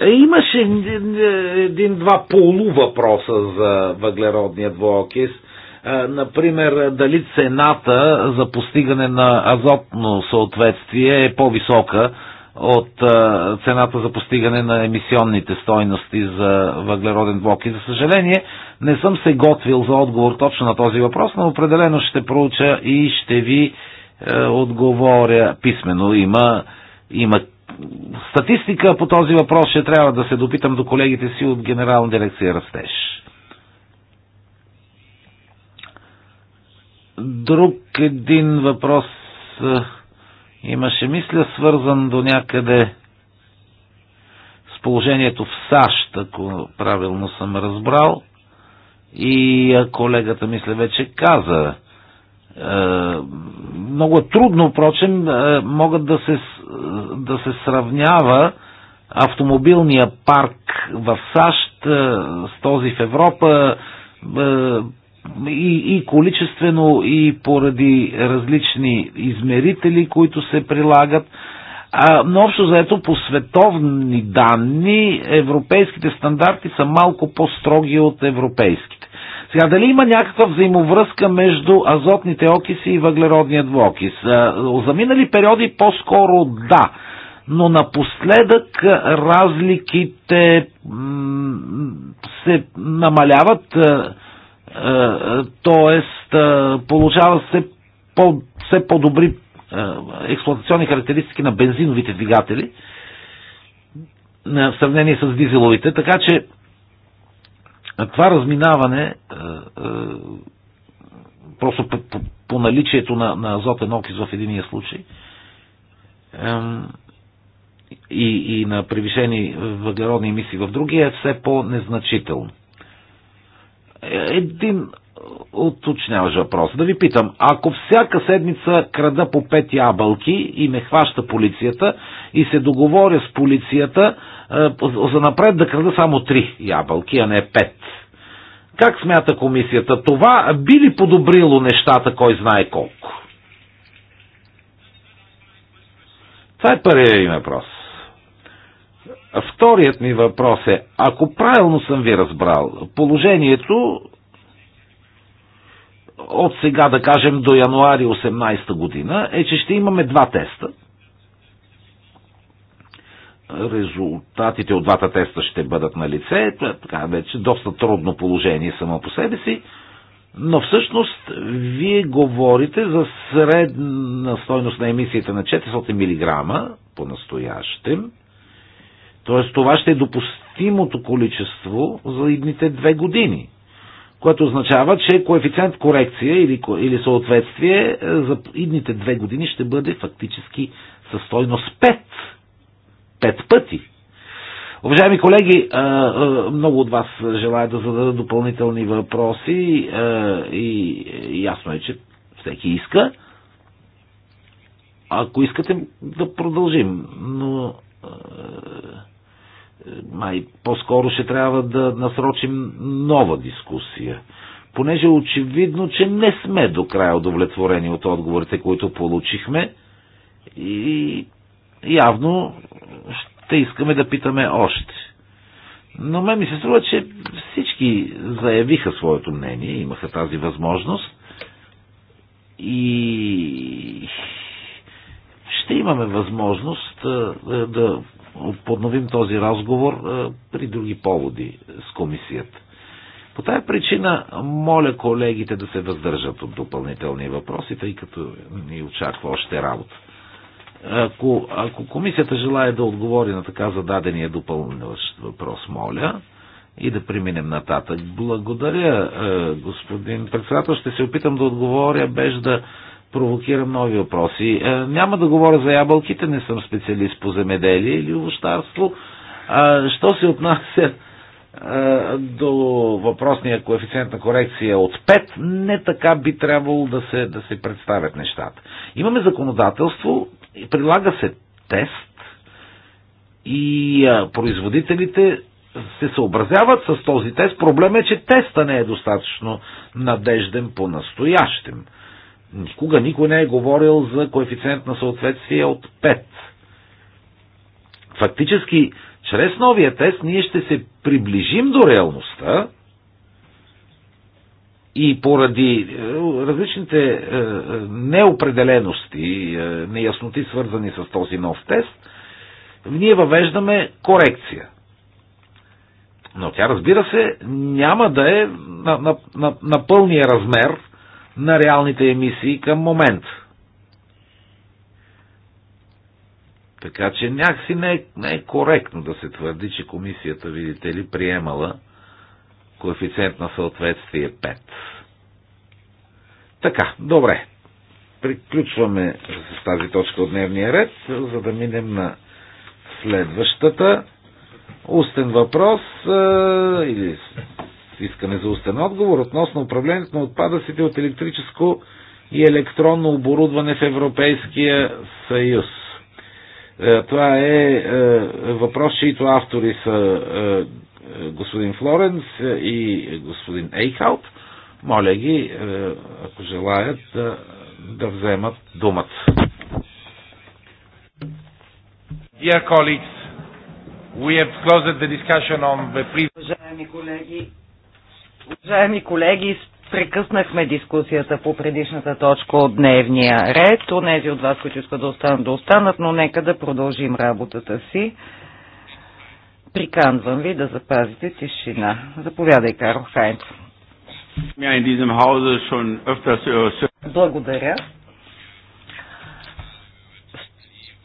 Е, имаше един-два полувъпроса за въглеродния двуокис. Е, например, дали цената за постигане на азотно съответствие е по-висока от е, цената за постигане на емисионните стойности за въглероден блок. за съжаление, не съм се готвил за отговор точно на този въпрос, но определено ще проуча и ще ви е, отговоря писменно. Има, има статистика по този въпрос, ще трябва да се допитам до колегите си от Генерална дирекция Растеж. Друг един въпрос е, имаше, мисля, свързан до някъде с положението в САЩ, ако правилно съм разбрал. И колегата, мисля, вече каза, е, много е трудно, впрочем, е, могат да се, да се сравнява автомобилния парк в САЩ е, с този в Европа и, и количествено, и поради различни измерители, които се прилагат. А, но общо заето по световни данни европейските стандарти са малко по-строги от европейските. Сега, дали има някаква взаимовръзка между азотните окиси и въглеродният двуокис? За минали периоди по-скоро да, но напоследък разликите се намаляват, т.е. получава се по, все по-добри експлуатационни характеристики на бензиновите двигатели в сравнение с дизеловите, така че на това разминаване е, е, просто по, по, по наличието на, на азотен окис в единия случай и, и на превишени въглеродни емисии в другия е все по-незначително. Е, един уточняваш въпрос. Да ви питам, ако всяка седмица крада по пет ябълки и ме хваща полицията и се договоря с полицията е, за напред да крада само три ябълки, а не пет, как смята комисията? Това би ли подобрило нещата, кой знае колко? Това е първият ми въпрос. Вторият ми въпрос е, ако правилно съм ви разбрал, положението от сега, да кажем, до януари 18 година е, че ще имаме два теста резултатите от двата теста ще бъдат на лице. това е Така вече доста трудно положение само по себе си. Но всъщност вие говорите за средна стойност на емисията на 400 мг по настоящем. Т.е. това ще е допустимото количество за идните две години. Което означава, че коефициент корекция или, или съответствие за идните две години ще бъде фактически със стойност 5 пет пъти. Уважаеми колеги, много от вас желая да зададат допълнителни въпроси и ясно е, че всеки иска. Ако искате да продължим, но май по-скоро ще трябва да насрочим нова дискусия, понеже е очевидно, че не сме до края удовлетворени от отговорите, които получихме и явно ще искаме да питаме още. Но мен ми се струва, че всички заявиха своето мнение, имаха тази възможност и ще имаме възможност да подновим този разговор при други поводи с комисията. По тази причина моля колегите да се въздържат от допълнителни въпроси, тъй като ни очаква още работа. Ако, ако комисията желая да отговори на така зададения допълняващ въпрос, моля и да преминем нататък. Благодаря, е, господин председател. Ще се опитам да отговоря без да провокирам нови въпроси. Е, няма да говоря за ябълките, не съм специалист по земеделие или овощарство. Що се отнася е, до въпросния коефициент на корекция от 5, не така би трябвало да се, да се представят нещата. Имаме законодателство, Прилага се тест и производителите се съобразяват с този тест. Проблем е, че теста не е достатъчно надежден по настоящем. Никога никой не е говорил за коефициент на съответствие от 5. Фактически, чрез новия тест ние ще се приближим до реалността, и поради е, различните е, е, неопределености, неясноти, свързани с този нов тест, ние въвеждаме корекция. Но тя, разбира се, няма да е на, на, на, на пълния размер на реалните емисии към момент. Така че някакси не е, не е коректно да се твърди, че комисията, видите ли, приемала Коефициент на съответствие 5. Е така, добре. Приключваме с тази точка от дневния ред, за да минем на следващата. Устен въпрос или искане за устен отговор относно управлението на отпадъците от електрическо и електронно оборудване в Европейския съюз. Е, това е, е въпрос, чието автори са е, господин Флоренс и господин Ейхалт. Моля ги, ако желаят, да, да вземат думата. Dear colleagues, we have closed the discussion on the previous... Уважаеми колеги, уважаеми колеги, Прекъснахме дискусията по предишната точка от дневния ред. Онези от вас, които искат да останат, да останат, но нека да продължим работата си. Приканвам ви да запазите тишина. Заповядай, Карл Хайнц. Благодаря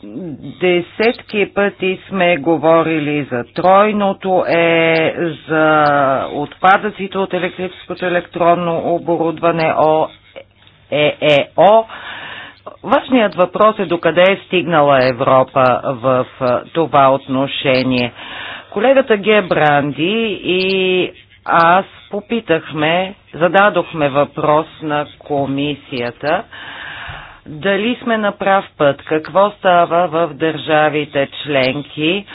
десетки пъти сме говорили за тройното е, за отпадъците от електрическото електронно оборудване ОЕО. Е, е Важният въпрос е докъде е стигнала Европа в това отношение. Колегата Гебранди и аз попитахме, зададохме въпрос на комисията дали сме на прав път, какво става в държавите членки,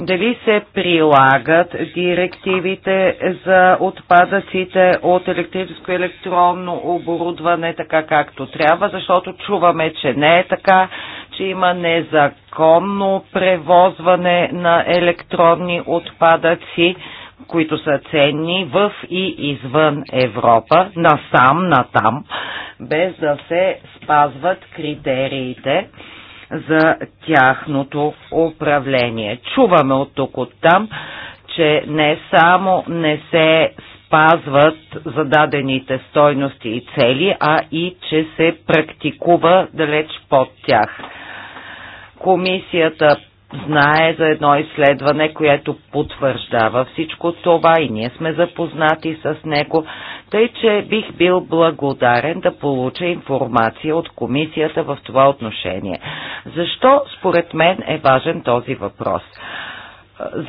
дали се прилагат директивите за отпадъците от електрическо и електронно оборудване така както трябва, защото чуваме, че не е така, че има незаконно превозване на електронни отпадъци които са ценни в и извън Европа, насам, натам, без да се спазват критериите за тяхното управление. Чуваме от тук от там, че не само не се спазват зададените стойности и цели, а и че се практикува далеч под тях. Комисията знае за едно изследване, което потвърждава всичко това и ние сме запознати с него, тъй че бих бил благодарен да получа информация от комисията в това отношение. Защо според мен е важен този въпрос?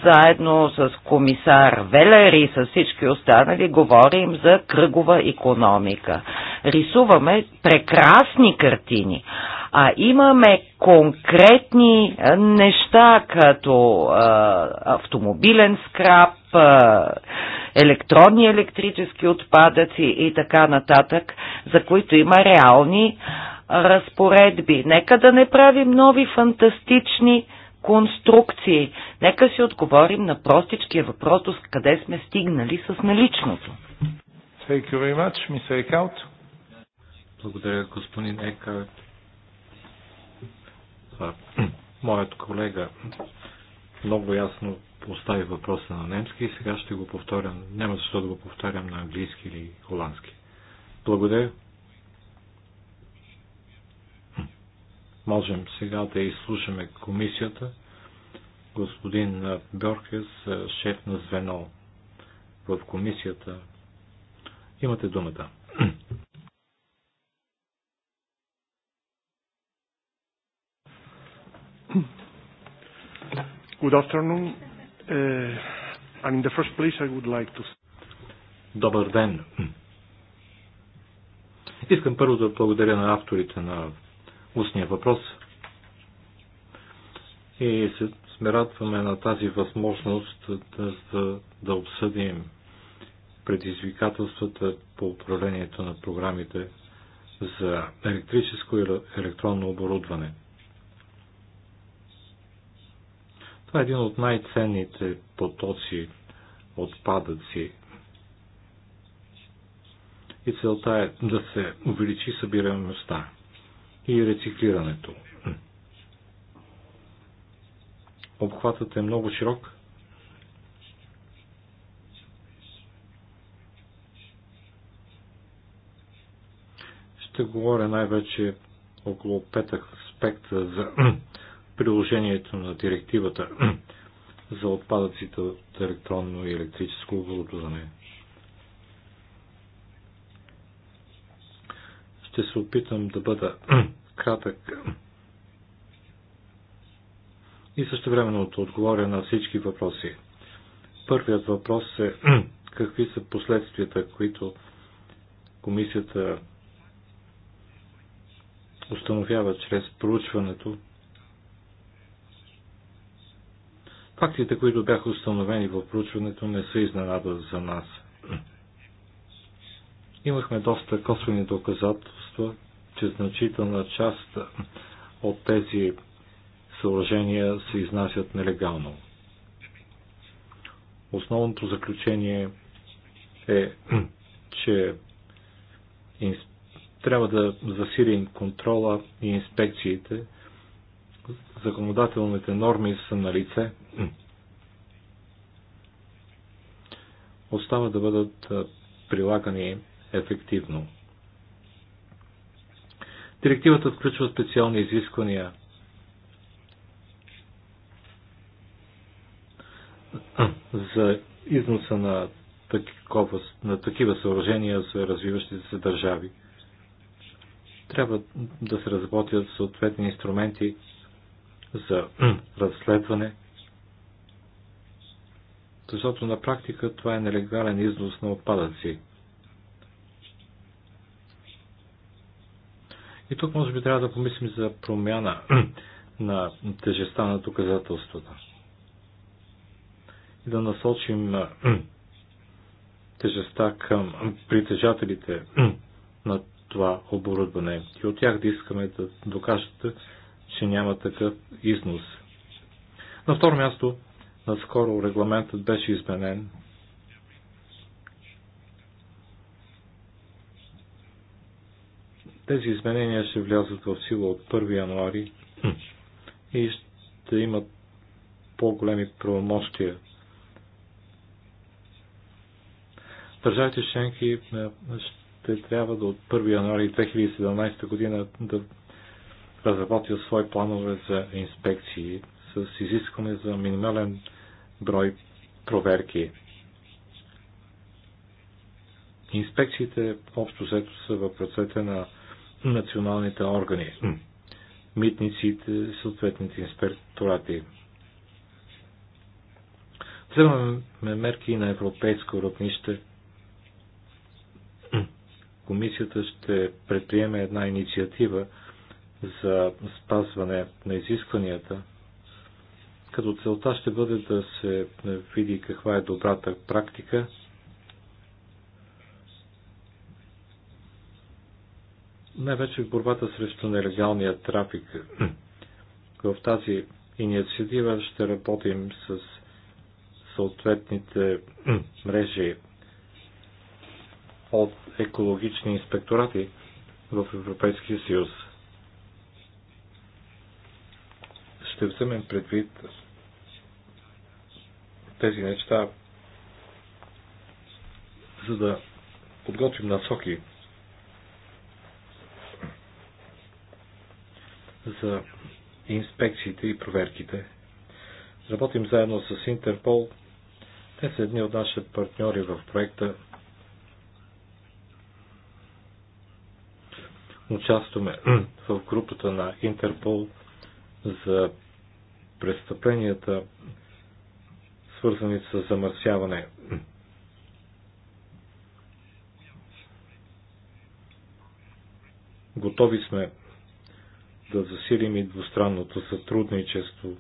заедно с комисар Велер и с всички останали говорим за кръгова економика. Рисуваме прекрасни картини, а имаме конкретни неща, като а, автомобилен скраб, а, електронни електрически отпадъци и така нататък, за които има реални разпоредби. Нека да не правим нови фантастични конструкции. Нека си отговорим на простичкия въпрос, с къде сме стигнали с наличното. Thank you very much, Eckhout. Благодаря, господин Ека. Моят колега много ясно постави въпроса на немски и сега ще го повторям. Няма защо да го повторям на английски или холандски. Благодаря. Можем сега да изслушаме комисията. Господин Бьоркес, шеф на звено в комисията. Имате думата. Good afternoon. Uh, in the first place, I would like to... Добър ден. Искам първо да благодаря на авторите на устния въпрос. И се сме на тази възможност да, да, да обсъдим предизвикателствата по управлението на програмите за електрическо и електронно оборудване. Това е един от най-ценните потоци отпадъци. И целта е да се увеличи събираемостта и рециклирането. Обхватът е много широк. Ще говоря най-вече около петък аспект за приложението на директивата за отпадъците от електронно и електрическо оборудване. Ще се опитам да бъда кратък и също времено отговоря на всички въпроси. Първият въпрос е какви са последствията, които комисията установява чрез проучването. Фактите, които бяха установени в проучването, не са изненада за нас. Имахме доста косвени доказателства че значителна част от тези съоръжения се изнасят нелегално. Основното заключение е, че трябва да засилим контрола и инспекциите. Законодателните норми са на лице. Остава да бъдат прилагани ефективно. Директивата включва специални изисквания. за износа на, такова, на такива съоръжения за развиващите се държави. Трябва да се разработят съответни инструменти за разследване, защото на практика това е нелегален износ на отпадъци. И тук може би трябва да помислим за промяна на тежеста на доказателствата. И да насочим тежестта към притежателите на това оборудване и от тях да искаме да докажат, че няма такъв износ. На второ място, наскоро регламентът беше изменен Тези изменения ще влязат в сила от 1 януари и ще имат по-големи правомощия. Държавите членки е, ще трябва да от 1 януари 2017 година да разработят свои планове за инспекции с изискване за минимален брой проверки. Инспекциите общо взето са в ръцете на националните органи, митниците, съответните инспекторати. Вземаме мерки на европейско равнище. Комисията ще предприеме една инициатива за спазване на изискванията, като целта ще бъде да се види каква е добрата практика – най-вече в борбата срещу нелегалния трафик. В тази инициатива ще работим с съответните мрежи от екологични инспекторати в Европейския съюз. Ще вземем предвид тези неща, за да подготвим насоки за инспекциите и проверките. Работим заедно с Интерпол. Те са едни от нашите партньори в проекта. Участваме в групата на Интерпол за престъпленията, свързани с замърсяване. Готови сме да засилим и двустранното сътрудничество.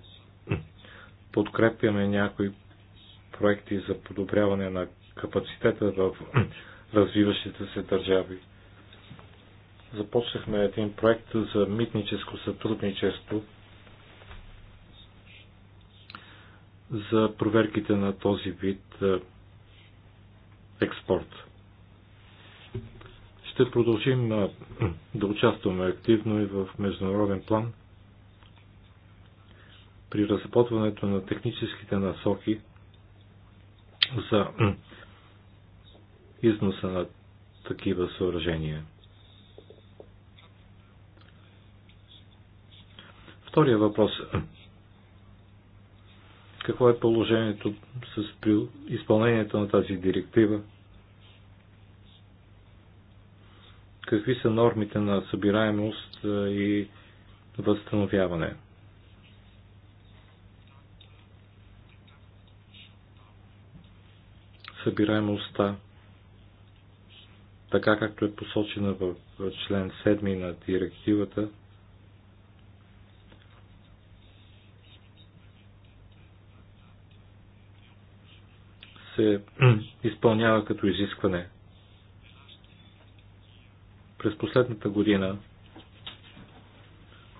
Подкрепяме някои проекти за подобряване на капацитета в развиващите се държави. Започнахме един проект за митническо сътрудничество за проверките на този вид е, експорт ще продължим да участваме активно и в международен план при разработването на техническите насоки за износа на такива съоръжения. Втория въпрос. Какво е положението с изпълнението на тази директива? какви са нормите на събираемост и възстановяване. Събираемостта, така както е посочена в член 7 на директивата, се изпълнява като изискване през последната година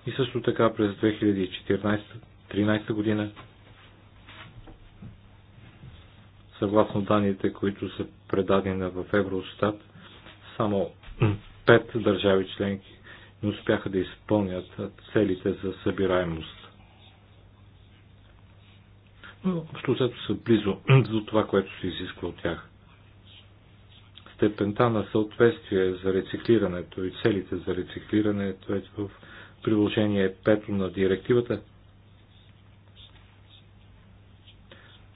и също така през 2014-2013 година, съгласно данните, които са предадени в Евростат, само 5 държави членки не успяха да изпълнят целите за събираемост. Но общо взето са близо до това, което се изисква от тях степента на съответствие за рециклирането и целите за рециклирането е в приложение 5 на директивата.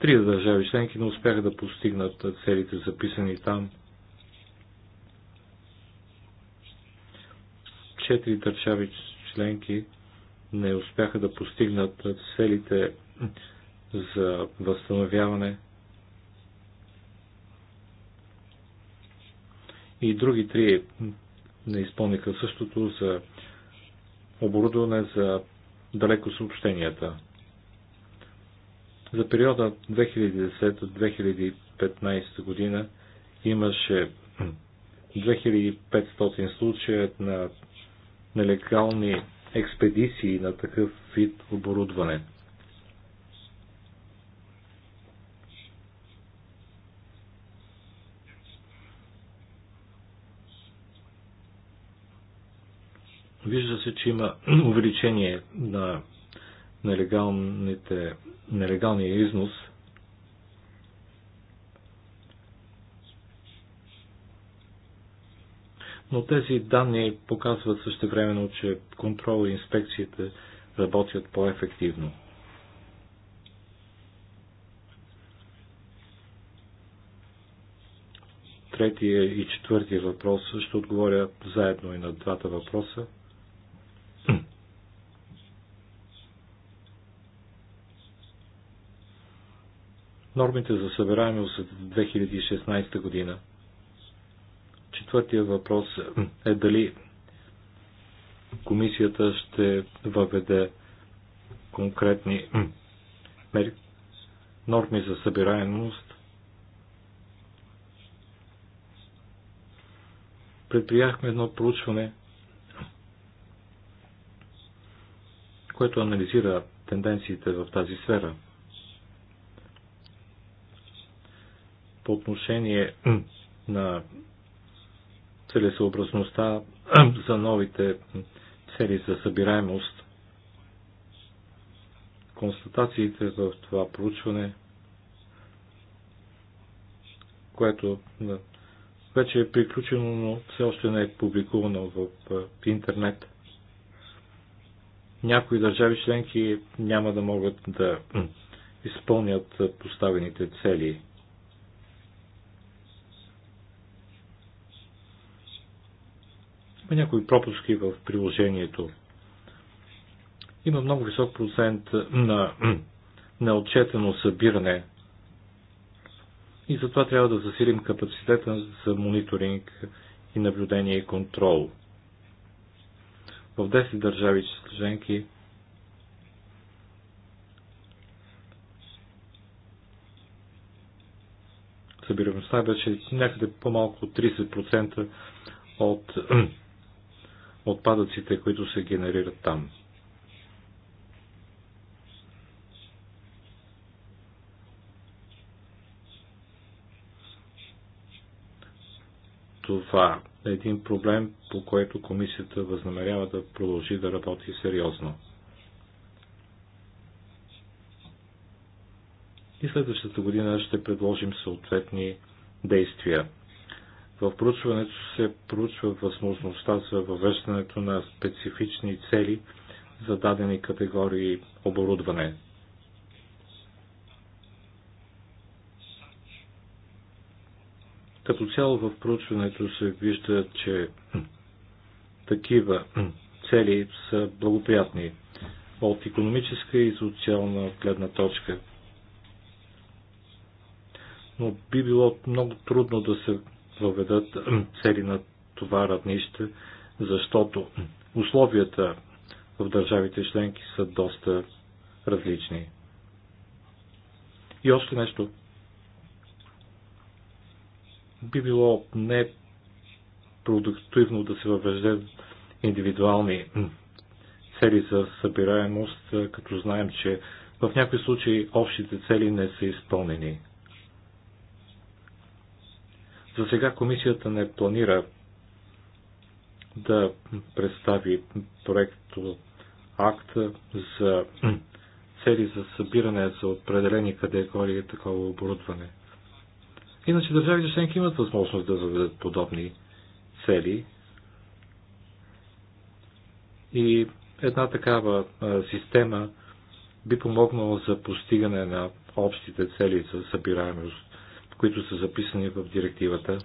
Три държави членки не успяха да постигнат целите записани там. Четири държави членки не успяха да постигнат целите за възстановяване и други три не изпълниха същото за оборудване за далеко съобщенията. За периода 2010-2015 година имаше 2500 случая на нелегални експедиции на такъв вид оборудване – Вижда се, че има увеличение на нелегалните, нелегалния износ. Но тези данни показват също времено, че контрол и инспекциите работят по-ефективно. Третия и четвъртия въпрос ще отговоря заедно и на двата въпроса. нормите за събираемост за 2016 година. Четвъртия въпрос е дали комисията ще въведе конкретни норми за събираемост. Предприяхме едно проучване, което анализира тенденциите в тази сфера. по отношение на целесообразността за новите цели за събираемост. Констатациите в това проучване, което вече е приключено, но все още не е публикувано в интернет. Някои държави членки няма да могат да изпълнят поставените цели Има някои пропуски в приложението. Има много висок процент на неотчетено събиране и затова трябва да засилим капацитета за мониторинг и наблюдение и контрол. В 10 държави членки събираемостта беше някъде по-малко от 30% от отпадъците, които се генерират там. Това е един проблем, по който комисията възнамерява да продължи да работи сериозно. И следващата година ще предложим съответни действия. В проучването се проучва възможността за въвеждането на специфични цели за дадени категории оборудване. Като цяло в проучването се вижда, че такива цели са благоприятни от економическа и социална гледна точка. Но би било много трудно да се въведат цели на това равнище, защото условията в държавите членки са доста различни. И още нещо. Би било не продуктивно да се въвеждат индивидуални цели за събираемост, като знаем, че в някои случаи общите цели не са изпълнени. За сега комисията не планира да представи проекто акт за цели за събиране за определени категории такова оборудване. Иначе държавите членки имат възможност да заведат подобни цели и една такава система би помогнала за постигане на общите цели за събираемост които са записани в директивата.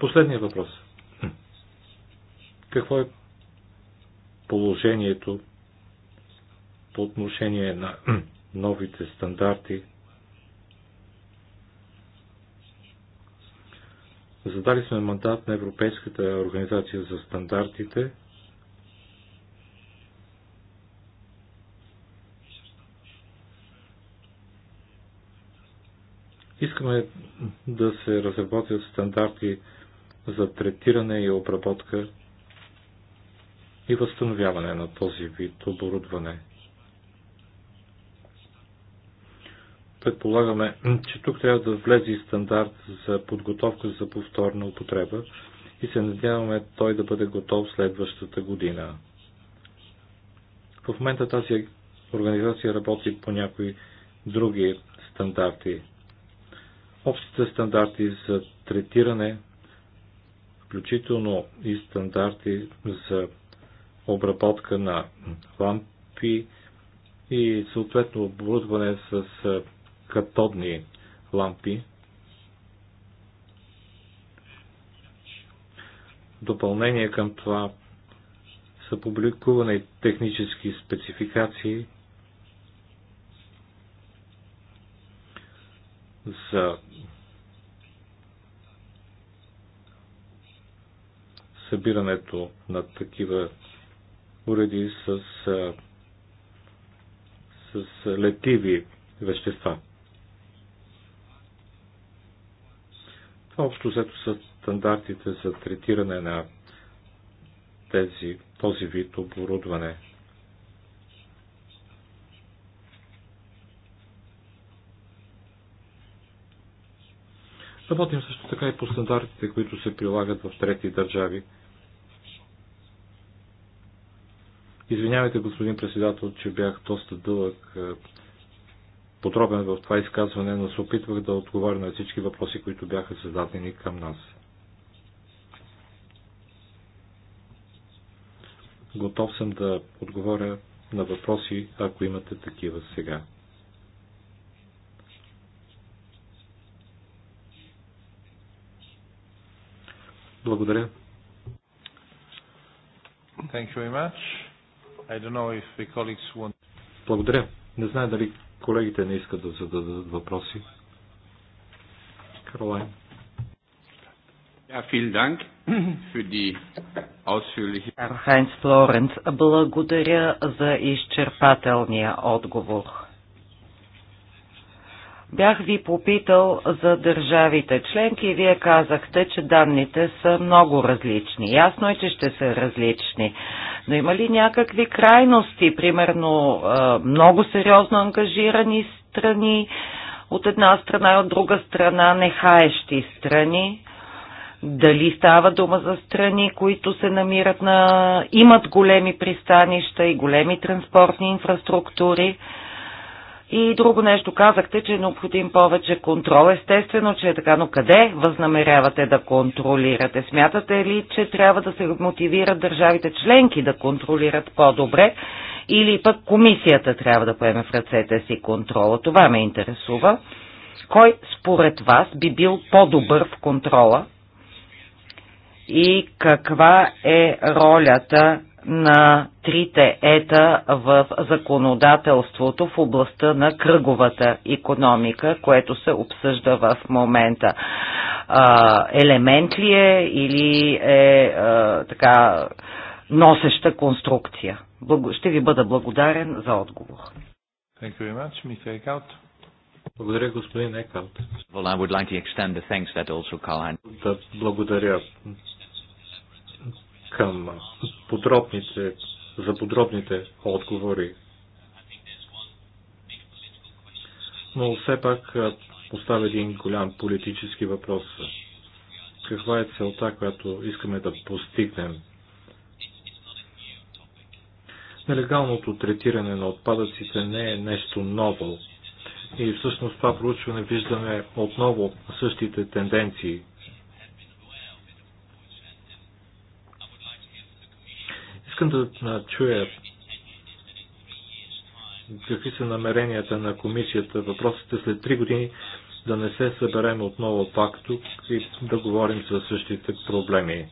Последният въпрос. Какво е положението по отношение на новите стандарти? Задали сме мандат на Европейската организация за стандартите – Искаме да се разработят стандарти за третиране и обработка и възстановяване на този вид оборудване. Предполагаме, че тук трябва да влезе стандарт за подготовка за повторна употреба и се надяваме той да бъде готов следващата година. В момента тази организация работи по някои други стандарти – Общите стандарти за третиране, включително и стандарти за обработка на лампи и съответно оборудване с катодни лампи. Допълнение към това са публикувани технически спецификации за събирането на такива уреди с, с летиви вещества. Това общо взето са стандартите за третиране на тези, този вид оборудване – Работим също така и по стандартите, които се прилагат в трети държави. Извинявайте, господин председател, че бях доста дълъг, е, подробен в това изказване, но се опитвах да отговаря на всички въпроси, които бяха зададени към нас. Готов съм да отговоря на въпроси, ако имате такива сега. Благодаря. Thank you very much. I don't know if the colleagues want... Благодаря. Не знае дали колегите не искат да зададат въпроси. Каролайн. Ja, vielen Dank für die ausführliche... благодаря за изчерпателния отговор. Бях ви попитал за държавите членки и вие казахте, че данните са много различни. Ясно е, че ще са различни. Но има ли някакви крайности, примерно много сериозно ангажирани страни, от една страна и от друга страна нехаещи страни? Дали става дума за страни, които се намират на... имат големи пристанища и големи транспортни инфраструктури? И друго нещо казахте, че е необходим повече контрол. Естествено, че е така, но къде възнамерявате да контролирате? Смятате ли, че трябва да се мотивират държавите членки да контролират по-добре? Или пък комисията трябва да поеме в ръцете си контрола? Това ме интересува. Кой според вас би бил по-добър в контрола? И каква е ролята на трите ета в законодателството в областта на кръговата економика, което се обсъжда в момента. елемент ли е или е така носеща конструкция? Ще ви бъда благодарен за отговор. Thank you very much, Eckhout. Благодаря, господин Екалт. Well, I would like to extend the thanks that also Да благодаря към подробните, за подробните отговори. Но все пак поставя един голям политически въпрос. Каква е целта, която искаме да постигнем? Нелегалното третиране на отпадъците не е нещо ново. И всъщност това проучване виждаме отново същите тенденции – Искам да чуя какви са намеренията на комисията. Въпросът е след 3 години да не се съберем отново пак тук и да говорим за същите проблеми.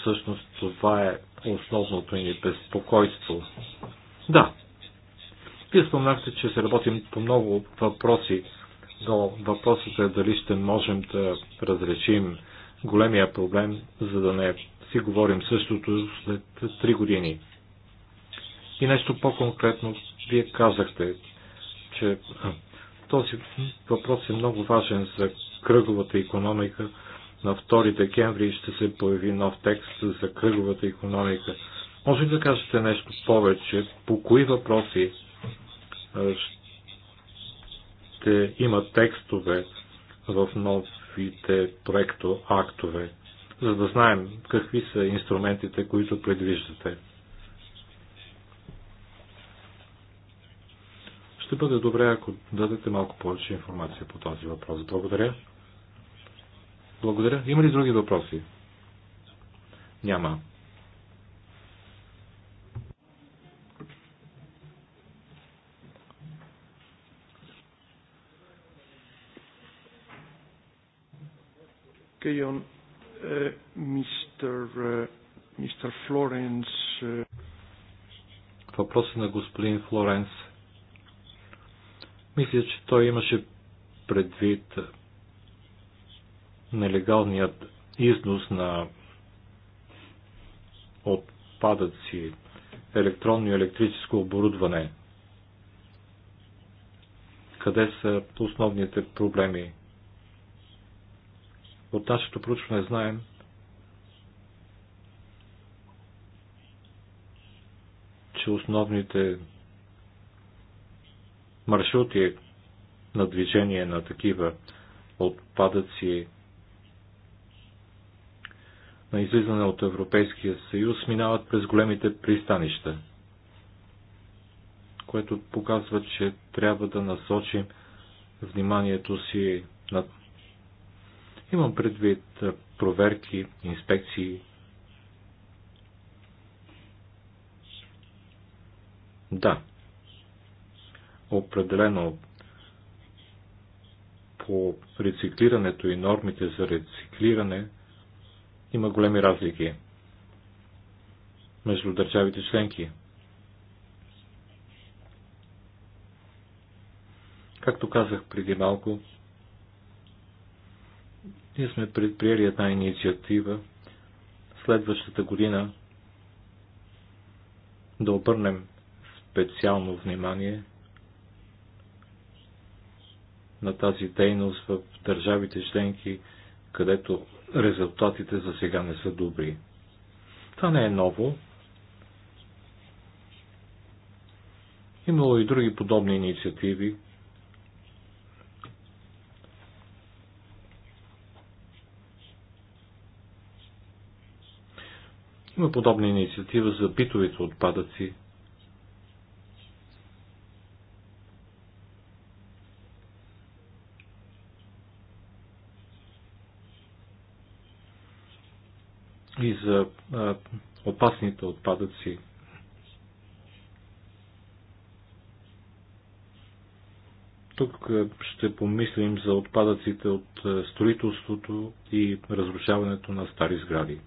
Всъщност това е основното ни безпокойство. Да, вие спомнахте, че се работим по много въпроси, но въпросът е дали ще можем да разрешим големия проблем, за да не си говорим същото след 3 години. И нещо по-конкретно, вие казахте, че този въпрос е много важен за кръговата економика. На 2 декември ще се появи нов текст за кръговата економика. Може ли да кажете нещо повече? По кои въпроси ще има текстове в новите проекто актове? за да знаем какви са инструментите, които предвиждате. Ще бъде добре, ако дадете малко повече информация по този въпрос. Благодаря. Благодаря. Има ли други въпроси? Няма. Okay, Мистер Флоренс. Е, Въпросът на господин Флоренс. Мисля, че той имаше предвид нелегалният износ на отпадъци, електронно и електрическо оборудване. Къде са основните проблеми? От нашето проучване знаем, че основните маршрути на движение на такива отпадъци на излизане от Европейския съюз минават през големите пристанища, което показва, че трябва да насочим вниманието си на Имам предвид проверки, инспекции. Да. Определено по рециклирането и нормите за рециклиране има големи разлики между държавите членки. Както казах преди малко, ние сме предприели една инициатива следващата година да обърнем специално внимание на тази дейност в държавите членки, където резултатите за сега не са добри. Това не е ново. Имало и други подобни инициативи, Има подобна инициатива за битовите отпадъци. И за а, опасните отпадъци. Тук ще помислим за отпадъците от строителството и разрушаването на стари сгради.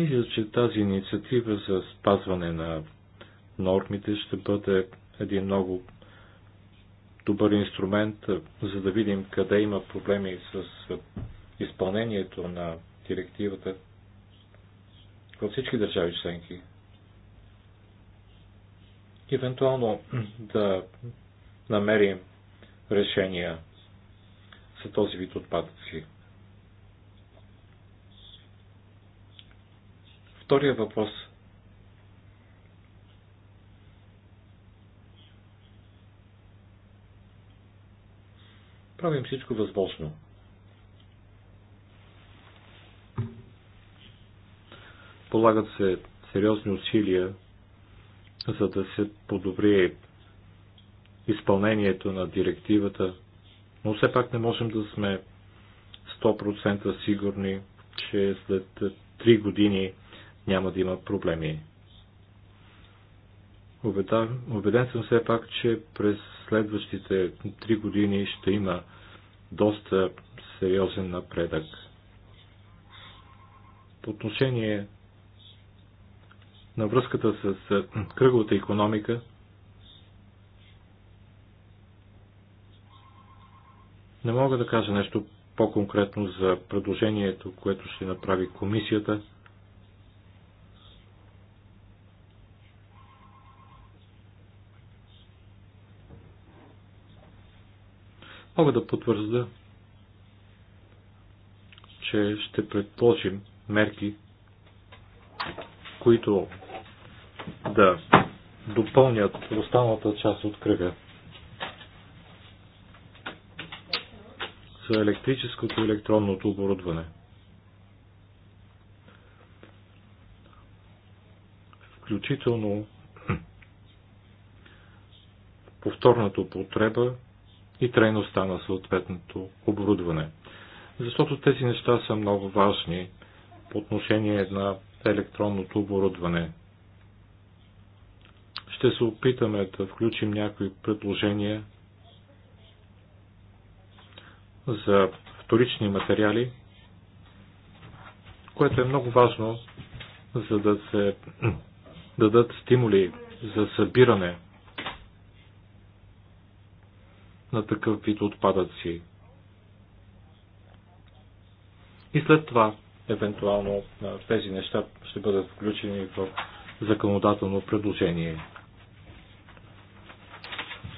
Мисля, че тази инициатива за спазване на нормите ще бъде един много добър инструмент, за да видим къде има проблеми с изпълнението на директивата във всички държави членки. Евентуално да намерим решения за този вид отпадъци. втория въпрос. Правим всичко възможно. Полагат се сериозни усилия, за да се подобри изпълнението на директивата, но все пак не можем да сме 100% сигурни, че след 3 години няма да има проблеми. Обеден съм все пак, че през следващите три години ще има доста сериозен напредък. По отношение на връзката с кръговата економика, не мога да кажа нещо по-конкретно за предложението, което ще направи комисията – Мога да потвърда, че ще предположим мерки, които да допълнят останалата част от кръга. За електрическото и електронното оборудване. Включително повторната употреба и трайността на съответното оборудване. Защото тези неща са много важни по отношение на електронното оборудване. Ще се опитаме да включим някои предложения за вторични материали, което е много важно, за да се дадат стимули за събиране на такъв вид отпадъци. И след това, евентуално, тези неща ще бъдат включени в законодателно предложение.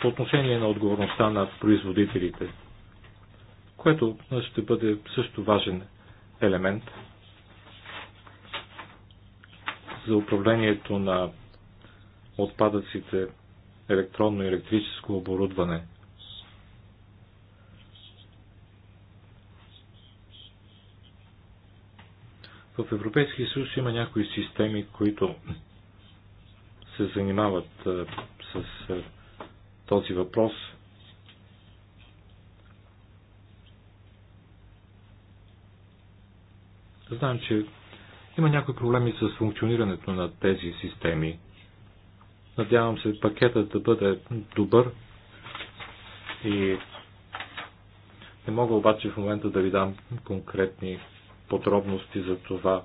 По отношение на отговорността на производителите, което ще бъде също важен елемент за управлението на отпадъците електронно и електрическо оборудване. В Европейския съюз има някои системи, които се занимават с този въпрос. Знаем, че има някои проблеми с функционирането на тези системи. Надявам се пакетът да бъде добър и не мога обаче в момента да ви дам конкретни подробности за това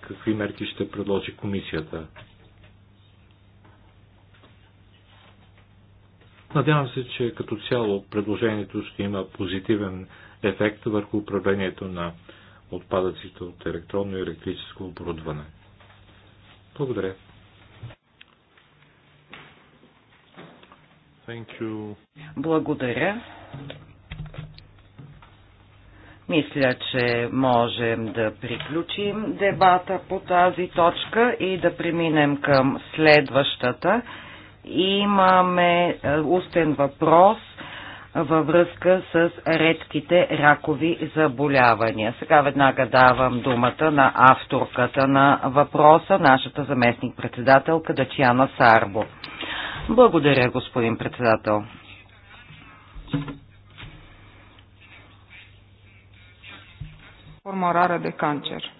какви мерки ще предложи комисията. Надявам се, че като цяло предложението ще има позитивен ефект върху управлението на отпадъците от електронно и електрическо оборудване. Благодаря. Thank you. Благодаря. Мисля, че можем да приключим дебата по тази точка и да преминем към следващата. Имаме е, устен въпрос във връзка с редките ракови заболявания. Сега веднага давам думата на авторката на въпроса, нашата заместник-председателка Дачиана Сарбо. Благодаря, господин председател. formă rară de cancer.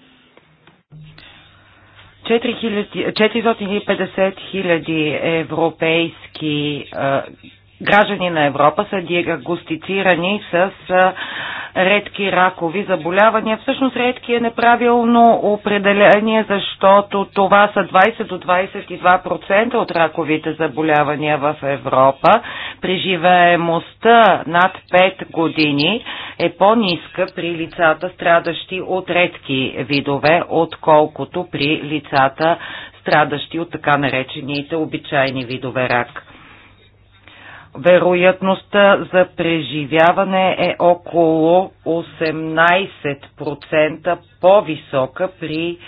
450 хиляди европейски граждани на Европа са диагностицирани с редки ракови заболявания. Всъщност редки е неправилно определение, защото това са 20 до 22% от раковите заболявания в Европа. Преживеемостта над 5 години е по-ниска при лицата, страдащи от редки видове, отколкото при лицата, страдащи от така наречените обичайни видове рак. Вероятността за преживяване е около 18% по-висока при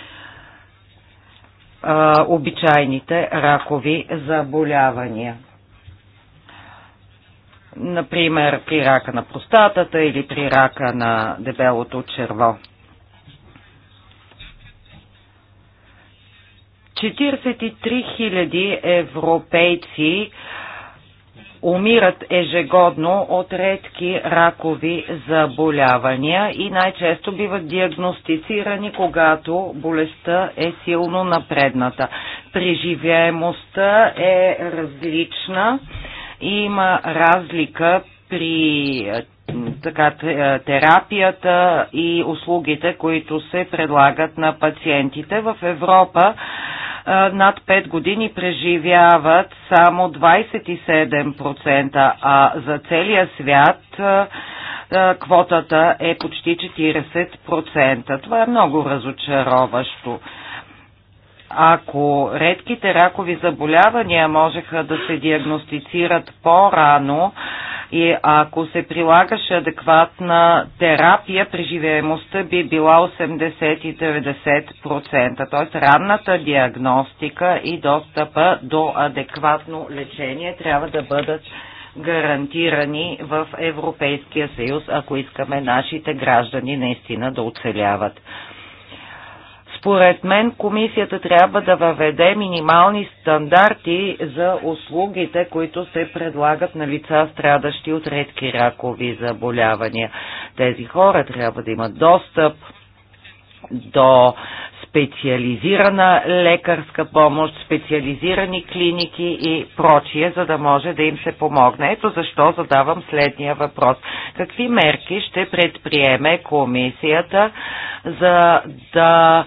а, обичайните ракови заболявания. Например, при рака на простатата или при рака на дебелото черво. 43 000 европейци а, умират ежегодно от редки ракови заболявания и най-често биват диагностицирани, когато болестта е силно напредната. Преживяемостта е различна. Има разлика при така, е, терапията и услугите, които се предлагат на пациентите. В Европа над 5 години преживяват само 27%, а за целия свят квотата е почти 40%. Това е много разочароващо. Ако редките ракови заболявания можеха да се диагностицират по-рано, и ако се прилагаше адекватна терапия, преживеемостта би била 80 и 90%. Т.е. ранната диагностика и достъпа до адекватно лечение трябва да бъдат гарантирани в Европейския съюз, ако искаме нашите граждани наистина да оцеляват. Според мен комисията трябва да въведе минимални стандарти за услугите, които се предлагат на лица, страдащи от редки ракови заболявания. Тези хора трябва да имат достъп до специализирана лекарска помощ, специализирани клиники и прочие, за да може да им се помогне. Ето защо задавам следния въпрос. Какви мерки ще предприеме комисията за да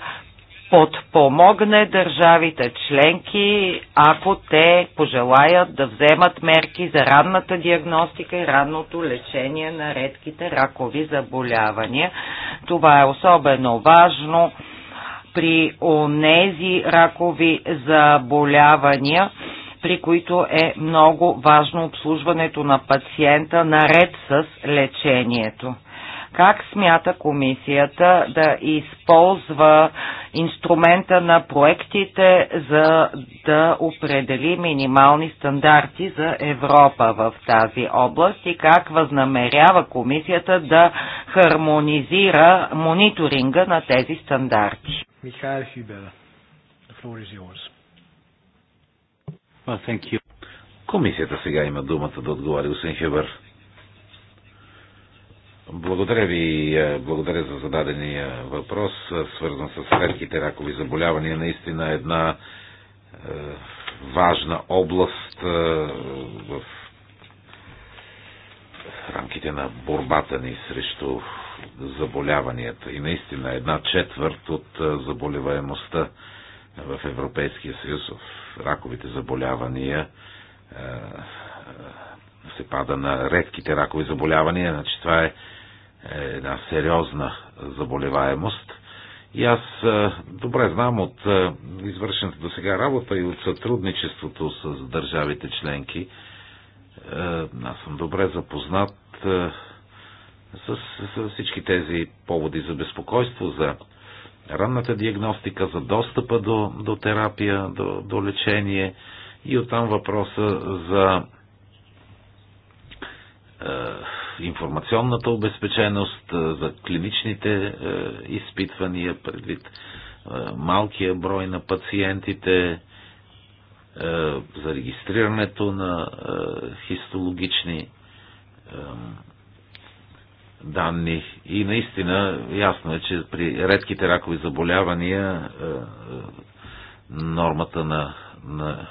подпомогне държавите членки, ако те пожелаят да вземат мерки за ранната диагностика и ранното лечение на редките ракови заболявания. Това е особено важно при онези ракови заболявания, при които е много важно обслужването на пациента наред с лечението. Как смята комисията да използва инструмента на проектите, за да определи минимални стандарти за Европа в тази област и как възнамерява комисията да хармонизира мониторинга на тези стандарти? Михаил floor is yours. Well, thank you. Комисията сега има думата да отговори, господин Хюбер. Благодаря ви, е, благодаря за зададения въпрос, е, свързан с редките ракови заболявания. Наистина една е, важна област е, в рамките на борбата ни срещу заболяванията. И наистина една четвърт от е, заболеваемостта в Европейския съюз в раковите заболявания е, се пада на редките ракови заболявания. Значи това е е една сериозна заболеваемост. И аз е, добре знам от е, извършената до сега работа и от сътрудничеството с държавите членки. Аз съм добре запознат с, с всички тези поводи за безпокойство, за ранната диагностика, за достъпа до, до терапия, до, до лечение и оттам въпроса за е, информационната обезпеченост, за клиничните изпитвания, предвид малкия брой на пациентите, за регистрирането на хистологични данни. И наистина ясно е, че при редките ракови заболявания нормата на, на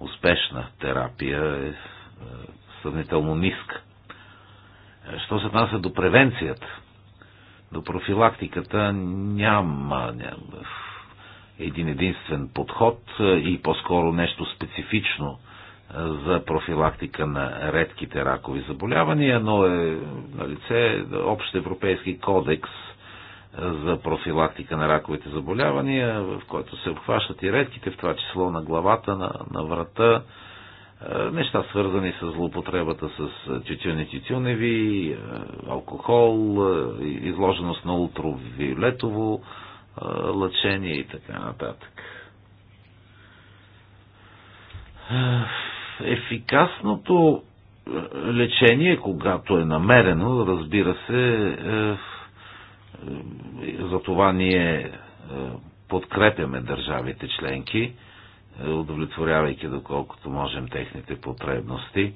успешна терапия е съвнително ниска. Що се отнася до превенцията, до профилактиката, няма, няма един единствен подход и по-скоро нещо специфично за профилактика на редките ракови заболявания, но е на лице Общ европейски кодекс за профилактика на раковите заболявания, в който се обхващат и редките, в това число на главата, на, на врата, е, неща свързани с злоупотребата с чечени тютюневи, е, алкохол, е, изложеност на ултравиолетово лъчение и така нататък. Ефикасното лечение, когато е намерено, разбира се, за това ние подкрепяме държавите членки – удовлетворявайки доколкото можем техните потребности.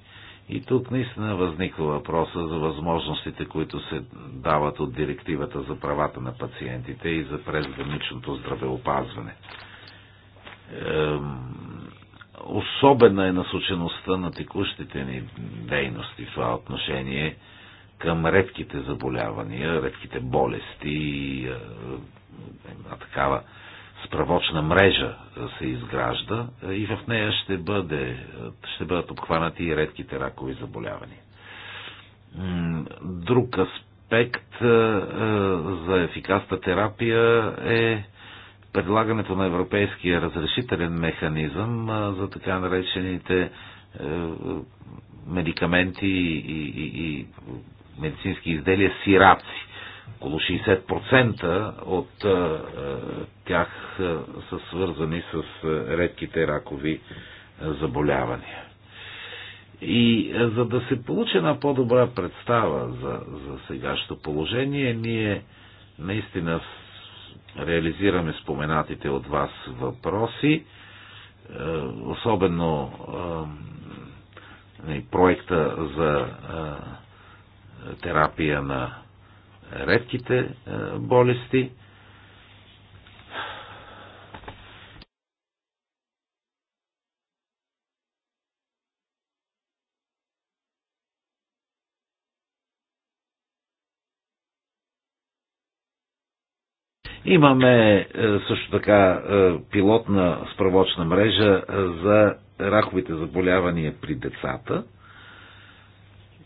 И тук наистина възниква въпроса за възможностите, които се дават от директивата за правата на пациентите и за презграничното здравеопазване. Особена е насочеността на текущите ни дейности в това отношение към редките заболявания, редките болести и е, такава превозна мрежа се изгражда и в нея ще, бъде, ще бъдат обхванати и редките ракови заболявания. Друг аспект за ефикасна терапия е предлагането на европейския разрешителен механизъм за така наречените медикаменти и, и, и медицински изделия сираци около 60% от е, е, тях е, са свързани с редките ракови заболявания. И за да се получи една по-добра представа за, за сегашното положение, ние наистина реализираме споменатите от вас въпроси, особено проекта за терапия на редките е, болести. Имаме е, също така е, пилотна справочна мрежа за раковите заболявания при децата,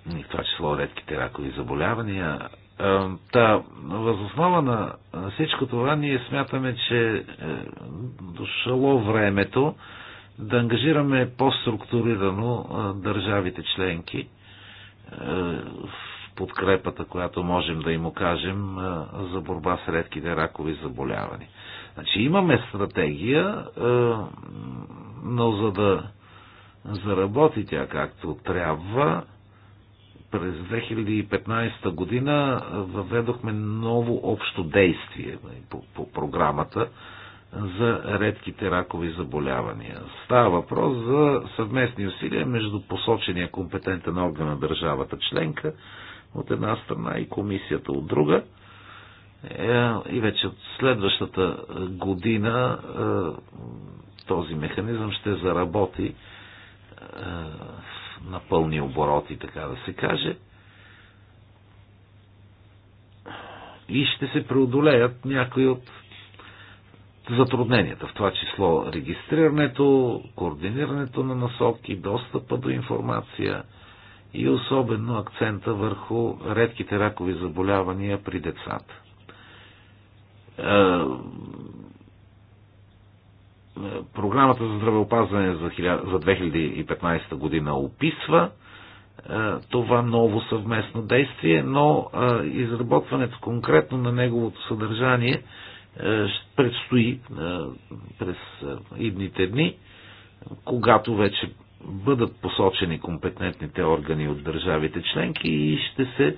в това число редките ракови заболявания, е, та, възоснова на всичко това ние смятаме, че е, дошло времето да ангажираме по-структурирано е, държавите членки в подкрепата, която можем да им окажем за борба с редките ракови заболявания. Значи имаме стратегия, но за да заработи тя както трябва, през 2015 година въведохме ново общо действие по, по програмата за редките ракови заболявания. Става въпрос за съвместни усилия между посочения компетентен орган на държавата членка от една страна и комисията от друга. Е, и вече от следващата година е, този механизъм ще заработи е, на пълни обороти, така да се каже. И ще се преодолеят някои от затрудненията, в това число регистрирането, координирането на насоки, достъпа до информация и особено акцента върху редките ракови заболявания при децата. Е, програмата за здравеопазване за 2015 година описва е, това ново съвместно действие, но е, изработването конкретно на неговото съдържание е, предстои през идните дни, когато вече бъдат посочени компетентните органи от държавите членки и ще се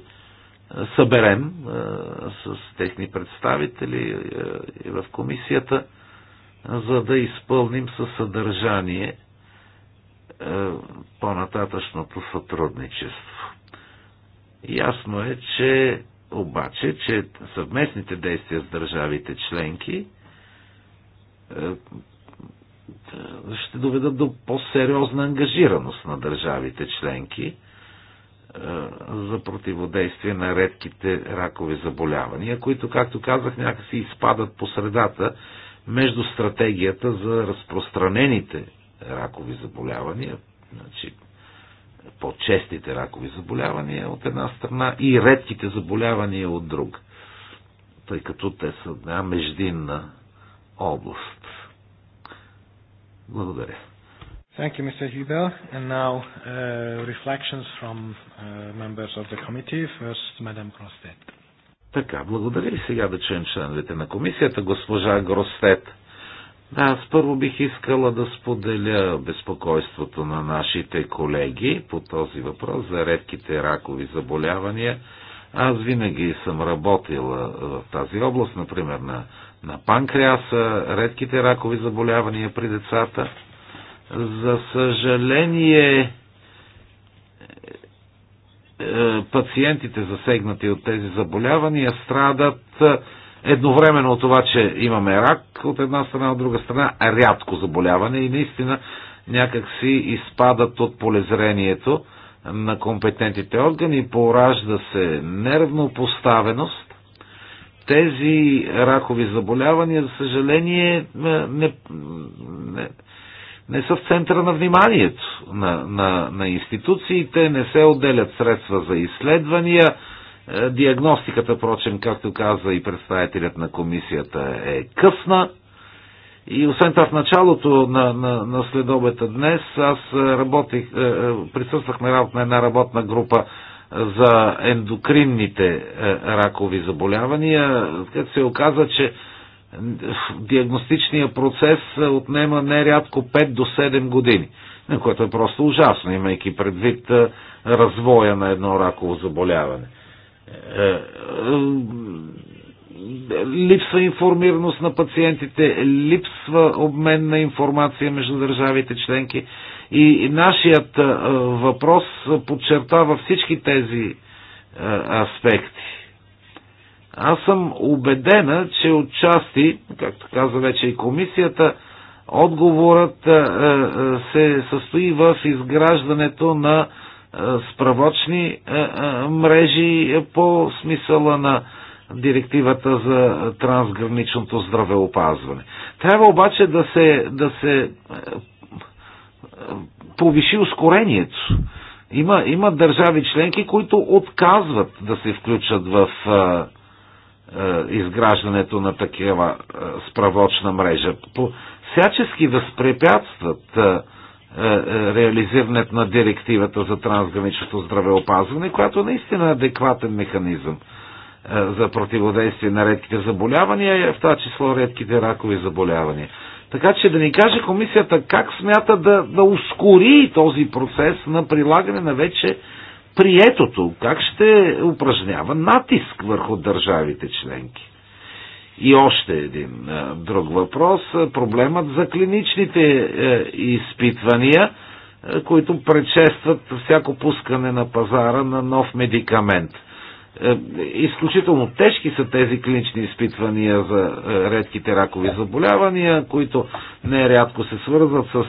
съберем с техни представители в комисията – за да изпълним със съдържание е, по-нататъчното сътрудничество. Ясно е, че обаче, че съвместните действия с държавите членки е, ще доведат до по-сериозна ангажираност на държавите членки е, за противодействие на редките ракови заболявания, които, както казах, някакси изпадат по средата между стратегията за разпространените ракови заболявания, значи по-честите ракови заболявания от една страна и редките заболявания от друг, тъй като те са една междинна област. Благодаря. Thank you, Mr. Hubel. And now uh, reflections from uh, members of the committee. First, Madame Grosstedt. Така, благодаря и сега да чуем членовете на комисията. Госпожа Гросвет. Да, аз първо бих искала да споделя безпокойството на нашите колеги по този въпрос за редките ракови заболявания. Аз винаги съм работила в тази област, например на, на панкреаса, редките ракови заболявания при децата. За съжаление, е, пациентите засегнати от тези заболявания страдат е, едновременно от това, че имаме рак от една страна, от друга страна рядко заболяване и наистина някак си изпадат от полезрението на компетентните органи, поражда се неравнопоставеност. Тези ракови заболявания, за съжаление, е, не, не, не са в центъра на вниманието на, на, на институциите, не се отделят средства за изследвания. Е, диагностиката, прочен, както каза и представителят на комисията, е късна. И освен това, в началото на, на, на следобета днес аз е, работих, е, присъствах на работа на една работна група за ендокринните ракови заболявания, където се оказа, че диагностичния процес отнема нерядко 5 до 7 години, което е просто ужасно, имайки предвид развоя на едно раково заболяване. Е, е, липсва информираност на пациентите, липсва обмен на информация между държавите членки и нашият въпрос подчертава всички тези аспекти аз съм убедена, че отчасти, както каза вече и комисията, отговорът е, е, се състои в изграждането на е, справочни мрежи по смисъла на директивата за трансграничното здравеопазване. Трябва обаче да се, да се повиши ускорението. Има, има държави членки, които отказват да се включат в е, изграждането на такива е, справочна мрежа. По всячески възпрепятстват е, реализирането на директивата за трансграничното здравеопазване, която наистина е адекватен механизъм за противодействие на редките заболявания, в това число редките ракови заболявания. Така че да ни каже комисията как смята да, да ускори този процес на прилагане на вече приетото, как ще упражнява натиск върху държавите членки. И още един друг въпрос, проблемът за клиничните изпитвания, които предшестват всяко пускане на пазара на нов медикамент. Изключително тежки са тези клинични изпитвания за редките ракови заболявания, които нерядко се свързват с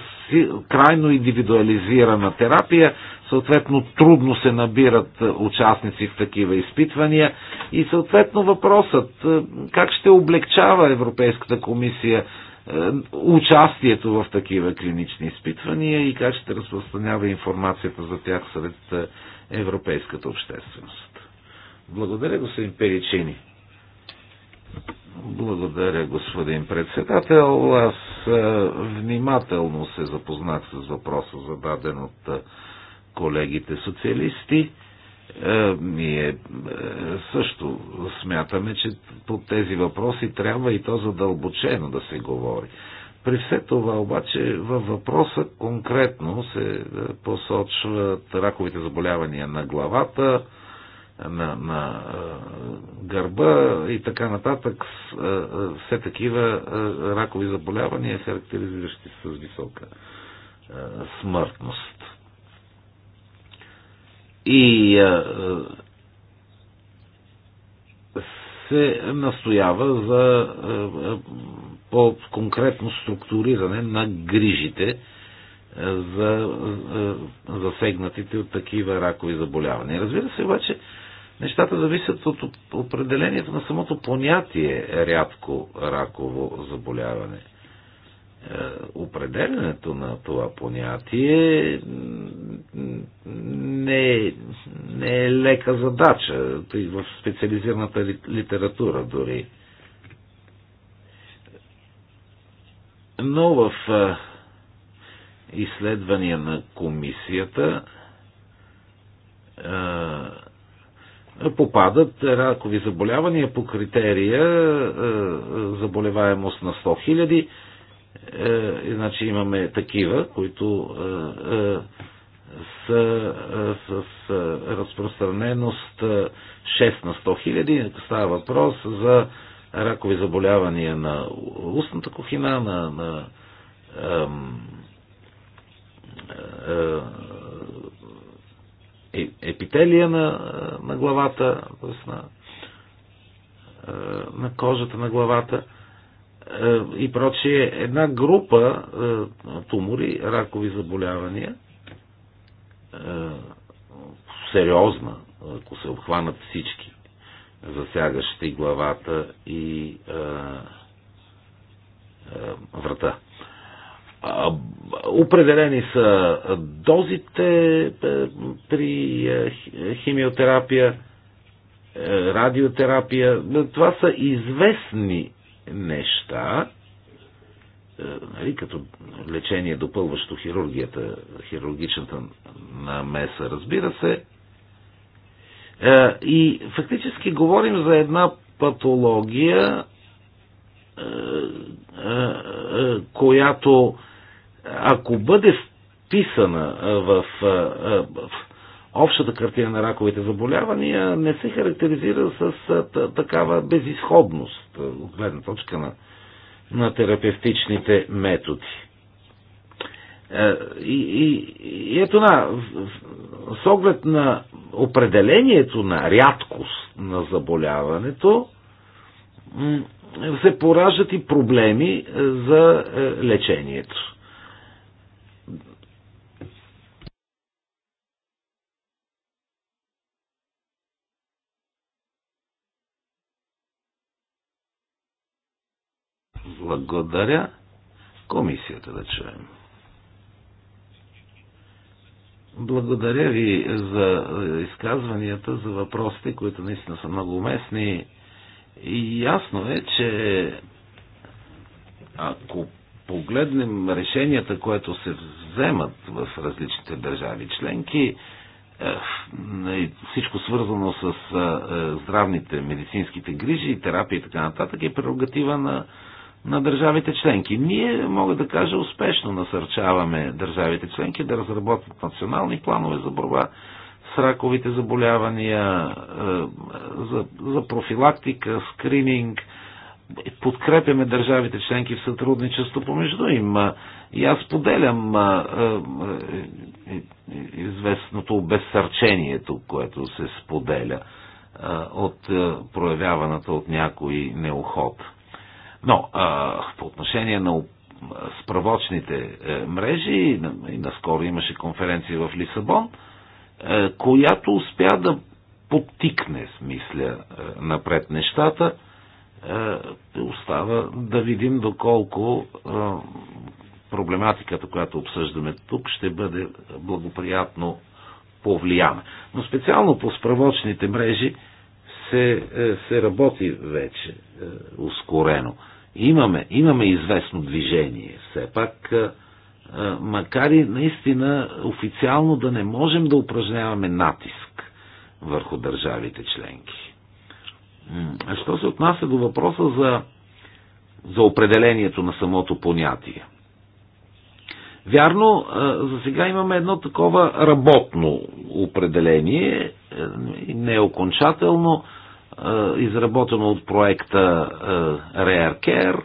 крайно индивидуализирана терапия, съответно трудно се набират е, участници в такива изпитвания и съответно въпросът е, как ще облегчава Европейската комисия е, участието в такива клинични изпитвания и как ще разпространява информацията за тях сред европейската общественост. Благодаря, господин Перичини. Благодаря, господин председател. Аз е, внимателно се запознах с въпроса, зададен от е, колегите социалисти. Е, ние също смятаме, че по тези въпроси трябва и то задълбочено да се говори. При все това обаче във въпроса конкретно се посочват раковите заболявания на главата, на, на гърба и така нататък. Все такива ракови заболявания, характеризиращи с висока смъртност. И се настоява за по-конкретно структуриране на грижите за засегнатите от такива ракови заболявания. Разбира се, обаче, Нещата зависят от определението на самото понятие рядко раково заболяване. Е, определенето на това понятие не е, не е лека задача и в специализираната литература дори. Но в е, изследвания на комисията е, попадат ракови заболявания по критерия е, заболеваемост на 100 хиляди. Е, значи имаме такива, които е, са с разпространеност 6 на 100 хиляди. Става въпрос за ракови заболявания на устната кухина, на, на е, е, епителия на, е, на главата, на, е, на кожата на главата и прочие. Една група тумори, ракови заболявания, сериозна, ако се обхванат всички, засягащи главата и врата. Определени са дозите е, при е, химиотерапия, е, радиотерапия. Това са известни неща, нали, като лечение допълващо хирургията, хирургичната намеса, разбира се. И фактически говорим за една патология, която ако бъде вписана в общата картина на раковите заболявания, не се характеризира с такава безисходност от гледна точка на, на терапевтичните методи. И, и, и ето на, с оглед на определението на рядкост на заболяването, се поражат и проблеми за лечението. Благодаря. Комисията да чуем. Благодаря ви за е, изказванията, за въпросите, които наистина са много уместни. И ясно е, че ако погледнем решенията, които се вземат в различните държави членки, е, всичко свързано с е, здравните медицинските грижи, терапия и така нататък е прерогатива на на държавите членки. Ние, мога да кажа, успешно насърчаваме държавите членки да разработват национални планове за борба с раковите заболявания, е, за, за профилактика, скрининг. Подкрепяме държавите членки в сътрудничество помежду им. Е, и аз поделям е, известното обезсърчението, което се споделя от проявяваната от някой неохота. Но а, по отношение на справочните е, мрежи, и наскоро имаше конференция в Лисабон, е, която успя да подтикне, смисля, е, напред нещата. Остава да видим доколко проблематиката, която обсъждаме тук, ще бъде благоприятно повлияна. Но специално по справочните мрежи се, е, се работи вече е, ускорено. Имаме, имаме известно движение. Все пак, е, макар и наистина официално да не можем да упражняваме натиск върху държавите членки. Що се отнася до въпроса за, за определението на самото понятие? Вярно, за сега имаме едно такова работно определение, неокончателно, е, изработено от проекта е, Rare Care,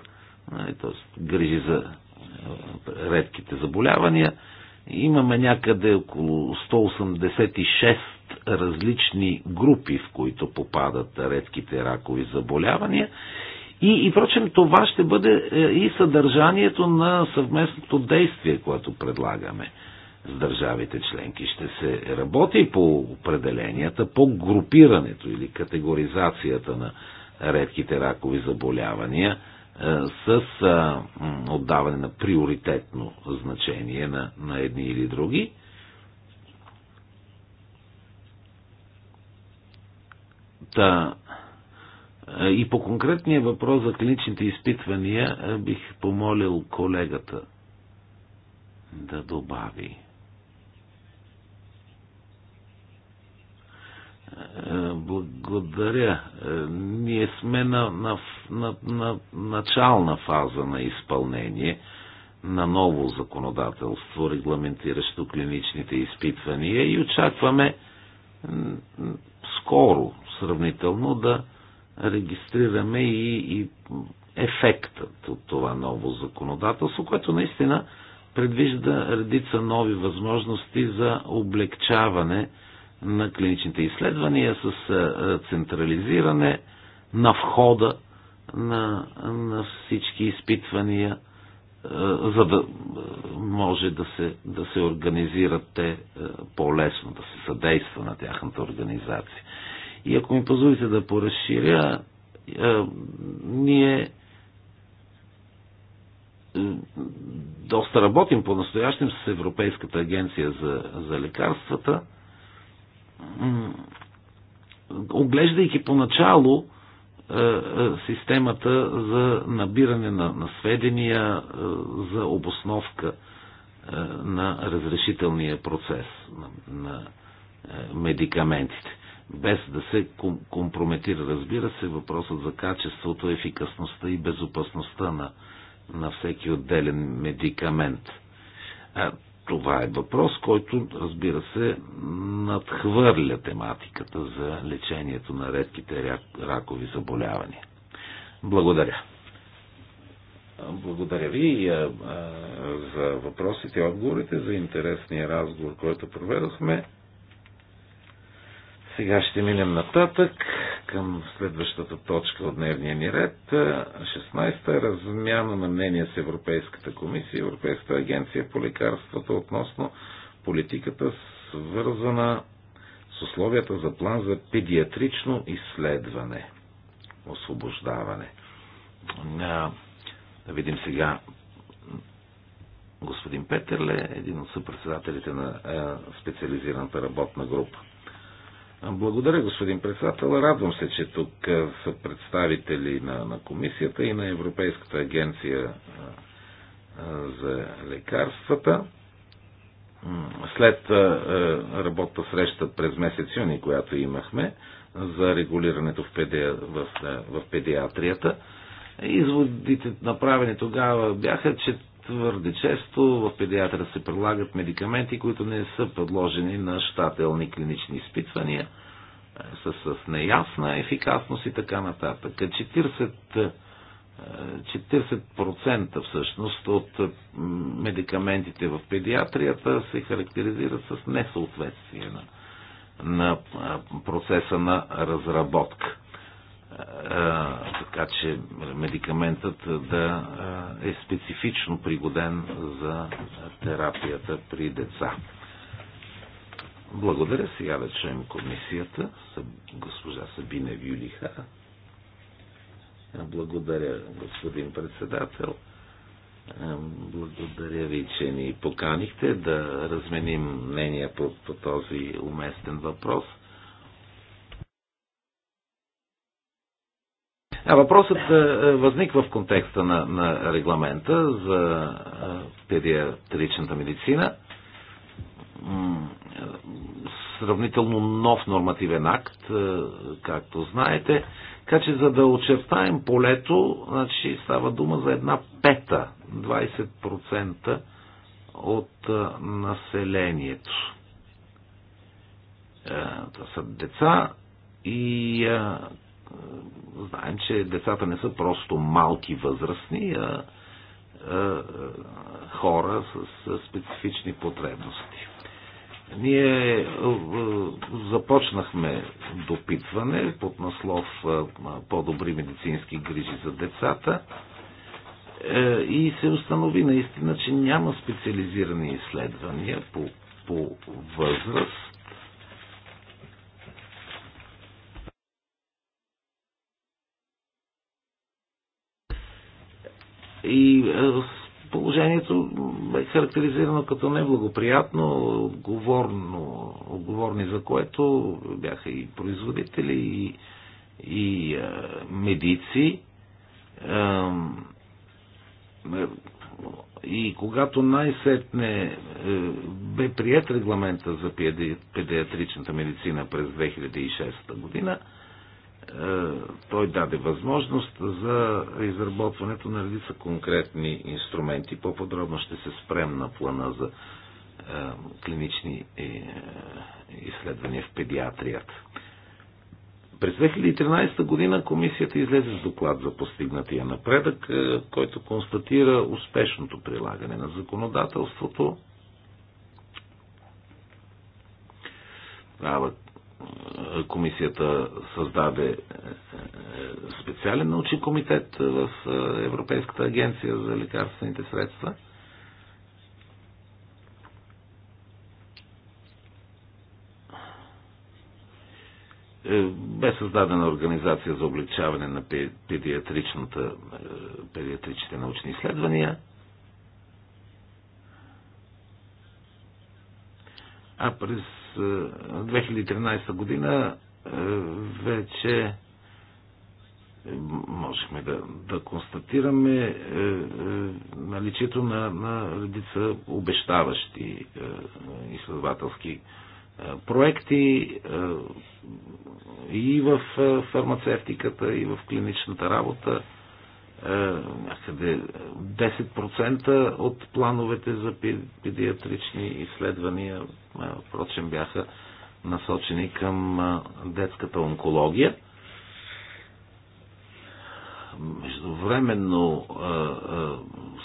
е, т.е. грижи за редките заболявания. Имаме някъде около 186 различни групи, в които попадат редките ракови заболявания. И, и впрочем, това ще бъде и съдържанието на съвместното действие, което предлагаме с държавите членки. Ще се работи по определенията, по групирането или категоризацията на редките ракови заболявания е, с е, отдаване на приоритетно значение на, на едни или други. Та, е, и по конкретния въпрос за клиничните изпитвания бих помолил колегата да добави. Е, благодаря. Е, ние сме на, на, на, на начална фаза на изпълнение на ново законодателство, регламентиращо клиничните изпитвания и очакваме скоро, сравнително, да регистрираме и, и ефектът от това ново законодателство, което наистина предвижда редица нови възможности за облегчаване на клиничните изследвания с централизиране на входа на, на всички изпитвания, за да може да се, да се организират те по-лесно, да се съдейства на тяхната организация. И ако ми позволите да поразширя, ние доста работим по-настоящем с Европейската агенция за, за лекарствата – оглеждайки поначало е, е, системата за набиране на, на сведения е, за обосновка на разрешителния процес на, на медикаментите. Без да се компрометира, разбира се, въпросът за качеството, ефикасността и безопасността на, на всеки отделен медикамент това е въпрос, който, разбира се, надхвърля тематиката за лечението на редките ракови заболявания. Благодаря. Благодаря ви за въпросите и отговорите, за интересния разговор, който проведохме. Сега ще минем нататък към следващата точка от дневния ни ред. 16-та е размяна на мнение с Европейската комисия, Европейската агенция по лекарствата относно политиката свързана с условията за план за педиатрично изследване, освобождаване. Да видим сега господин Петерле, един от съпредседателите на специализираната работна група. Благодаря, господин председател. Радвам се, че тук е, са представители на, на комисията и на Европейската агенция е, за лекарствата. След е, работна среща през месец юни, която имахме за регулирането в, педи... в, в педиатрията, изводите направени тогава бяха, че твърде често в педиатра се прилагат медикаменти, които не са подложени на щателни клинични изпитвания, с, с неясна ефикасност и така нататък. 40 40% всъщност от медикаментите в педиатрията се характеризират с несъответствие на, на процеса на разработка така че медикаментът да е специфично пригоден за терапията при деца. Благодаря. Сега да чуем комисията. Госпожа Сабина Вюлиха. Благодаря, господин председател. Благодаря ви, че ни поканихте да разменим мнения по, по този уместен въпрос – А въпросът е, е, възниква в контекста на, на регламента за е, педиатричната медицина. Сравнително нов нормативен акт, както знаете. Така че за да очертаем полето, значи става дума за една пета, 20% от населението. Това са деца и знаем, че децата не са просто малки възрастни, а, а хора с, с специфични потребности. Ние започнахме допитване под наслов по-добри медицински грижи за децата е, и се установи наистина, че няма специализирани изследвания по, по възраст И е, положението е характеризирано като неблагоприятно, отговорно, отговорни за което бяха и производители, и, и е, медици. Е, и когато най-сетне бе прият регламента за педиатричната медицина през 2006 година, е, той даде възможност за изработването на редица конкретни инструменти. По-подробно ще се спрем на плана за е, клинични е, изследвания в педиатрията. През 2013 година комисията излезе с доклад за постигнатия напредък, който констатира успешното прилагане на законодателството. Правят комисията създаде е, е, специален научен комитет в е, Европейската агенция за лекарствените средства. Бе създадена организация за облегчаване на педиатричната, педиатричните научни изследвания. А през 2013 година е, вече можехме да, да констатираме е, е, наличието на, на редица обещаващи изследователски проекти и в фармацевтиката, и в клиничната работа някъде 10% от плановете за педиатрични изследвания, впрочем, бяха насочени към детската онкология. Междувременно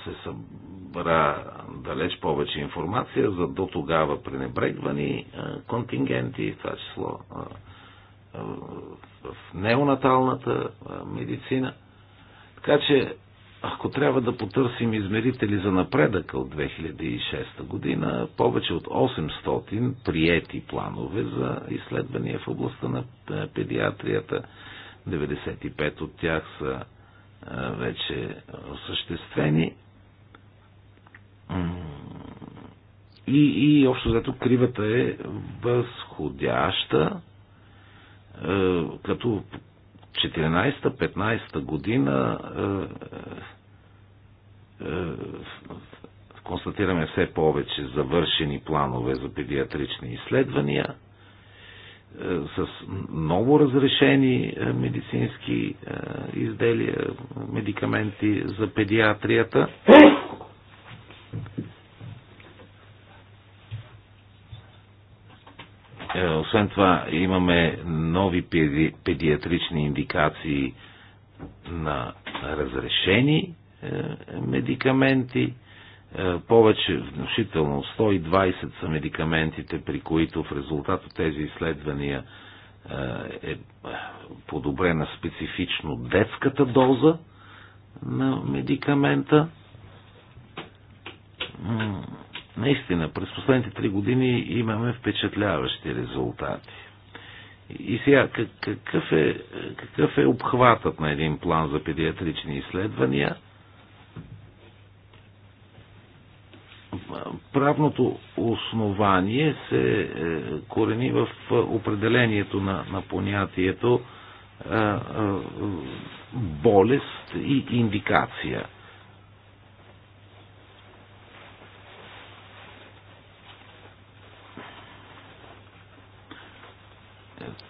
се събра далеч повече информация за до тогава пренебрегвани контингенти, в това число в неонаталната медицина – така че, ако трябва да потърсим измерители за напредъка от 2006 година, повече от 800 приети планове за изследвания в областта на е, педиатрията, 95 от тях са е, вече осъществени. И, и общо взето кривата е възходяща, е, като 14-15 година е, е, е, констатираме все повече завършени планове за педиатрични изследвания е, с ново разрешени е, медицински е, изделия, медикаменти за педиатрията. Е, освен това, имаме нови педи, педиатрични индикации на разрешени е, медикаменти. Е, повече, внушително 120 са медикаментите, при които в резултат от тези изследвания е подобрена специфично детската доза на медикамента Наистина, през последните три години имаме впечатляващи резултати. И сега, какъв е, какъв е обхватът на един план за педиатрични изследвания? Правното основание се е, корени в е, определението на, на понятието е, болест и индикация –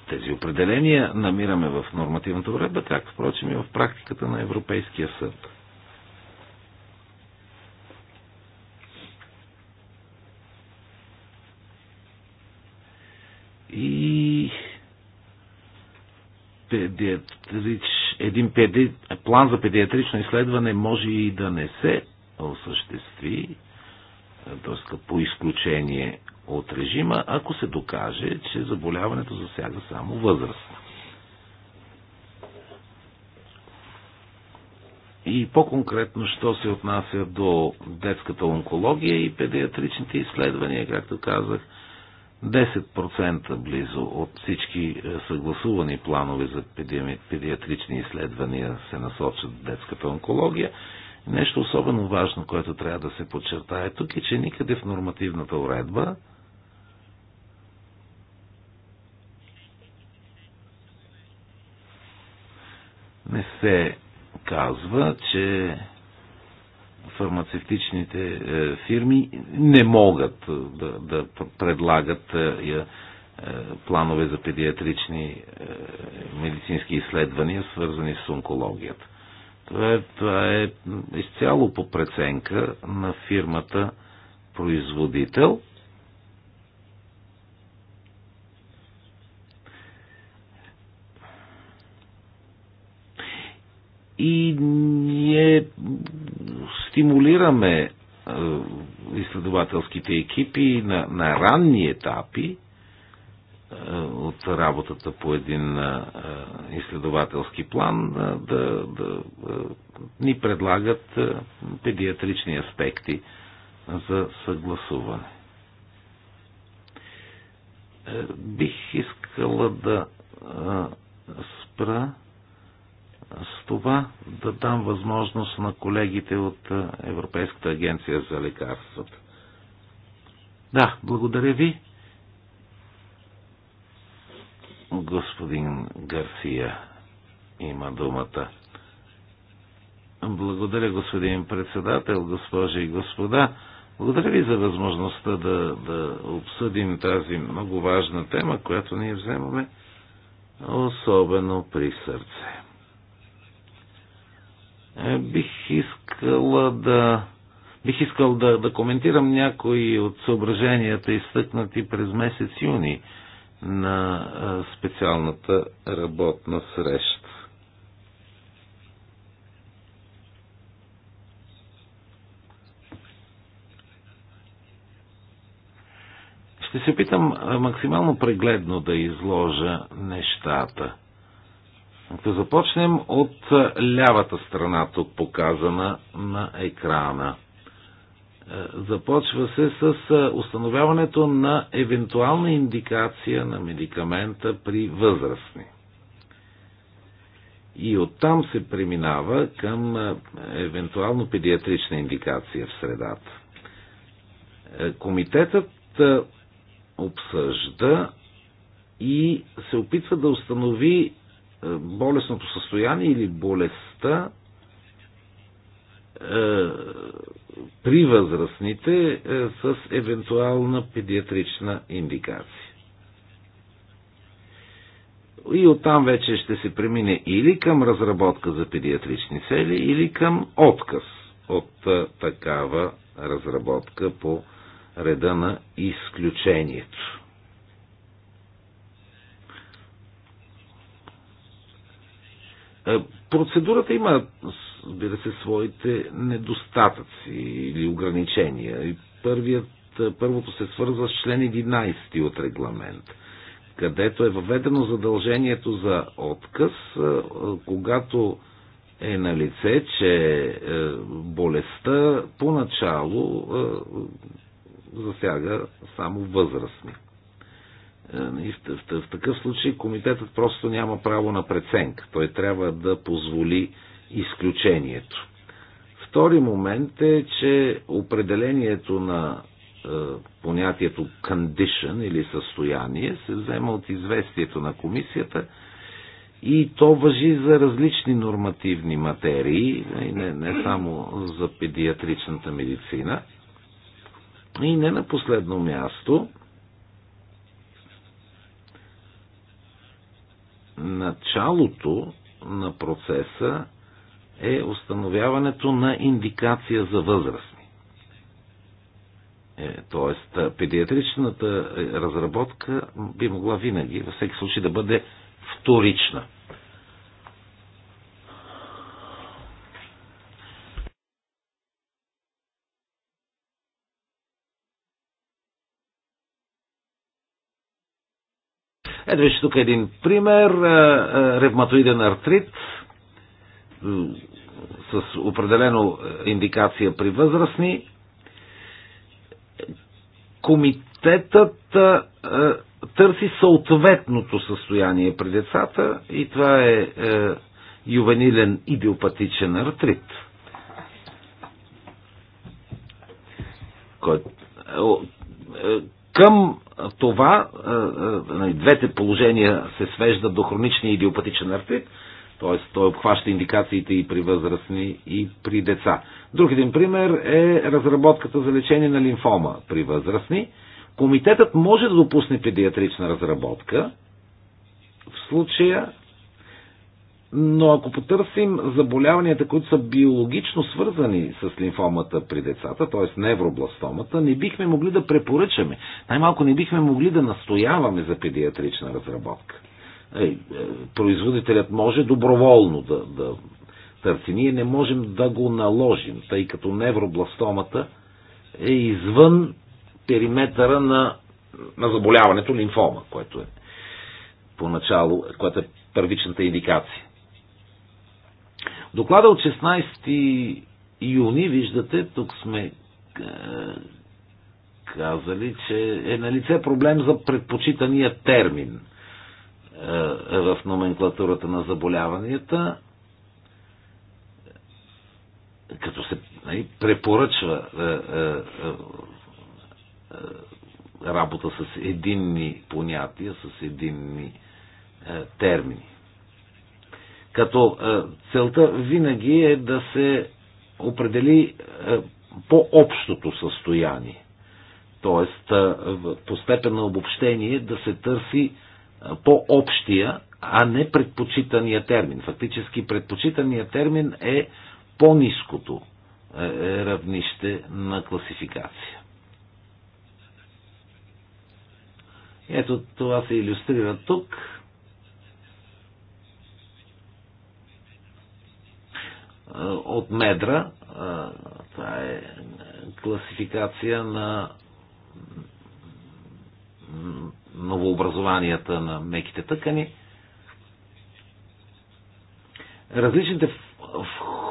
Тези определения намираме в нормативната уредба, както впрочем и в практиката на Европейския съд. И педиатрич, един педи, план за педиатрично изследване може и да не се осъществи, е, доста по изключение от режима, ако се докаже, че заболяването засяга само възраст. И по-конкретно, що се отнася до детската онкология и педиатричните изследвания, както казах, 10% близо от всички е, съгласувани планове за педиатрични изследвания се насочат в детската онкология Нещо особено важно, което трябва да се подчертае тук е, че никъде в нормативната уредба не се казва, че фармацевтичните е, фирми не могат е, да, да предлагат е, планове за педиатрични медицински изследвания, свързани с онкологията. Е, това е изцяло по преценка на фирмата производител. И ние стимулираме е, изследователските екипи на, на ранни етапи е, от работата по един е, е, изследователски план да, да ни предлагат педиатрични аспекти за съгласуване. Бих искала да спра с това да дам възможност на колегите от Европейската агенция за лекарствата. Да, благодаря ви. Господин Гарсия има думата. Благодаря, господин председател, госпожи и господа. Благодаря ви за възможността да, да обсъдим тази много важна тема, която ние вземаме особено при сърце. Е, бих искала да бих искал да, да коментирам някои от съображенията, изтъкнати през месец юни на специалната работна среща. Ще се опитам максимално прегледно да изложа нещата. Да започнем от лявата страна, тук показана на екрана – Започва се с установяването на евентуална индикация на медикамента при възрастни. И оттам се преминава към евентуално педиатрична индикация в средата. Е, комитетът обсъжда и се опитва да установи болестното състояние или болестта е, при възрастните е, с евентуална педиатрична индикация. И оттам вече ще се премине или към разработка за педиатрични цели, или към отказ от е, такава разработка по реда на изключението. Процедурата има разбира се, своите недостатъци или ограничения. И първият, първото се свързва с член 11 от регламент, където е въведено задължението за отказ, когато е на лице, че е, болестта поначало е, засяга само възрастни. Е, и в, в, в такъв случай комитетът просто няма право на преценка. Той трябва да позволи изключението. Втори момент е, че определението на е, понятието condition или състояние се взема от известието на комисията и то въжи за различни нормативни материи, не, не само за педиатричната медицина. И не на последно място, началото на процеса е установяването на индикация за възрастни. Е, тоест, педиатричната е, разработка би могла винаги, във всеки случай, да бъде вторична. Ето вече тук един пример. Ревматоиден артрит с определено индикация при възрастни. Комитетът търси съответното състояние при децата и това е, е ювенилен идиопатичен артрит. Който, е, е, към това нали, двете положения се свеждат до хроничния идиопатичен артрит, т.е. той обхваща индикациите и при възрастни, и при деца. Друг един пример е разработката за лечение на лимфома при възрастни. Комитетът може да допусне педиатрична разработка в случая, но ако потърсим заболяванията, които са биологично свързани с лимфомата при децата, т.е. невробластомата, не бихме могли да препоръчаме, най-малко не бихме могли да настояваме за педиатрична разработка. Ей, е, производителят може доброволно да, да търси. Ние не можем да го наложим, тъй като невробластомата е извън периметъра на, на заболяването лимфома, което е поначало, което е първичната индикация. Доклада от 16 юни, виждате, тук сме е, казали, че е на лице проблем за предпочитания термин. Е в номенклатурата на заболяванията, като се нали, препоръчва е, е, работа с единни понятия, с единни термини. Като целта винаги е да се определи по-общото състояние. Тоест, по степен на обобщение да се търси по-общия, а не предпочитания термин. Фактически предпочитания термин е по-низкото е, е, равнище на класификация. Ето това се иллюстрира тук. Е, от Медра, това е класификация на новообразованията на меките тъкани. Различните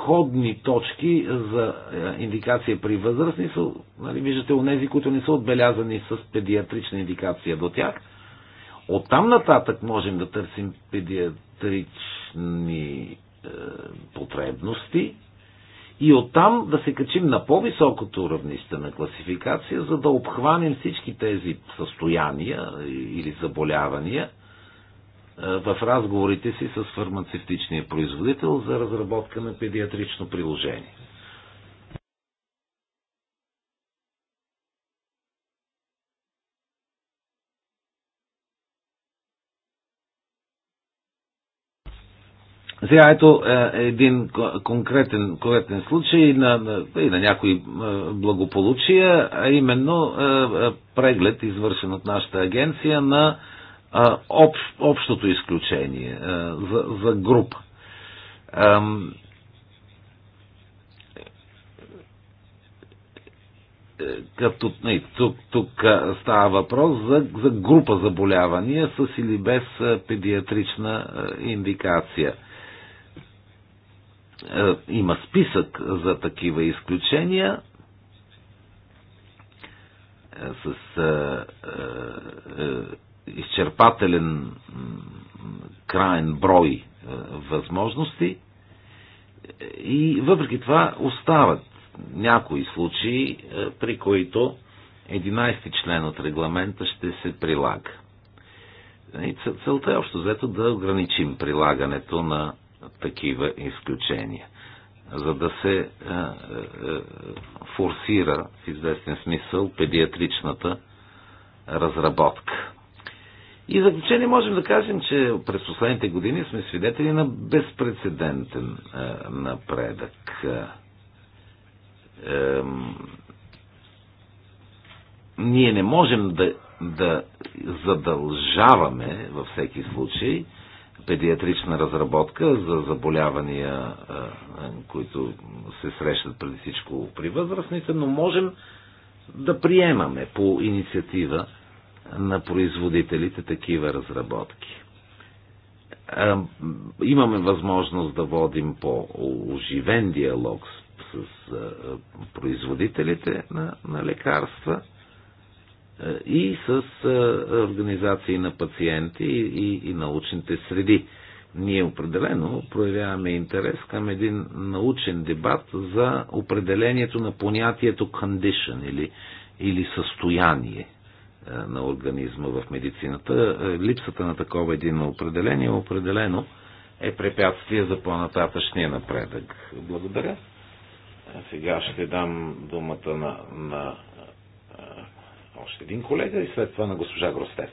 входни точки за е, индикация при възрастни са, нали, виждате, у нези, които не са отбелязани с педиатрична индикация до тях. От там нататък можем да търсим педиатрични е, потребности, и оттам да се качим на по-високото равнище на класификация, за да обхванем всички тези състояния или заболявания е, в разговорите си с фармацевтичния производител за разработка на педиатрично приложение. Сега ето е, един конкретен, конкретен случай на, на, и на някои е, благополучия, а именно е, преглед, извършен от нашата агенция на общ, общото изключение за, за група. като не, тук, тук става въпрос за, за група заболявания с или без педиатрична индикация – е, има списък за такива изключения е, с е, изчерпателен крайен брой възможности и въпреки това остават някои случаи, при които 11 член от регламента ще се прилага. И целта е общо взето да ограничим прилагането на такива изключения, за да се е, е, е, форсира в известен смисъл педиатричната разработка. И в заключение можем да кажем, че през последните години сме свидетели на безпредседентен напредък. ние не можем да, да задължаваме във всеки случай педиатрична разработка за заболявания, които се срещат преди всичко при възрастните, но можем да приемаме по инициатива на производителите такива разработки. Имаме възможност да водим по-оживен диалог с, производителите на лекарства – е, и с е, организации на пациенти и, и научните среди. Ние определено проявяваме интерес към един научен дебат за определението на понятието condition или, или състояние е, на организма в медицината. Липсата на такова един определение определено е препятствие за по-нататъчния напредък. Благодаря. сега ще дам думата на, на още един колега и след това на госпожа Гростет.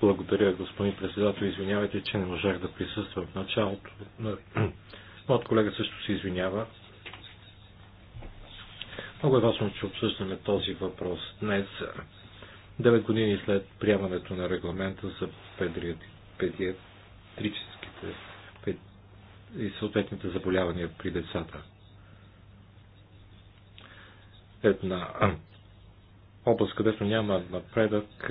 Благодаря, господин председател. Извинявайте, че не можах да присъствам в началото. Моят колега също се извинява. Много е важно, че обсъждаме този въпрос днес, 9 години след приемането на регламента за педиатрическите и съответните заболявания при децата една област, където няма напредък,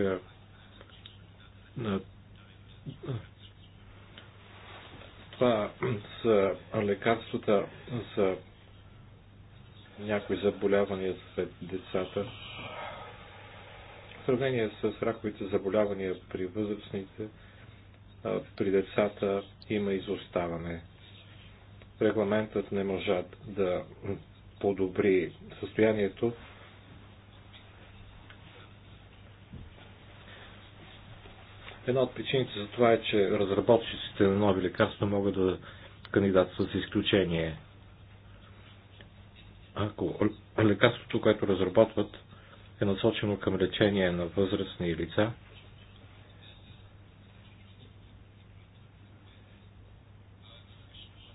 това са лекарствата за някои заболявания сред децата. В сравнение с раковите заболявания при възрастните, при децата има изоставане. Регламентът не можа да подобри състоянието. Една от причините за това е, че разработчиците на нови лекарства могат да кандидатстват с изключение. Ако лекарството, което разработват, е насочено към лечение на възрастни лица,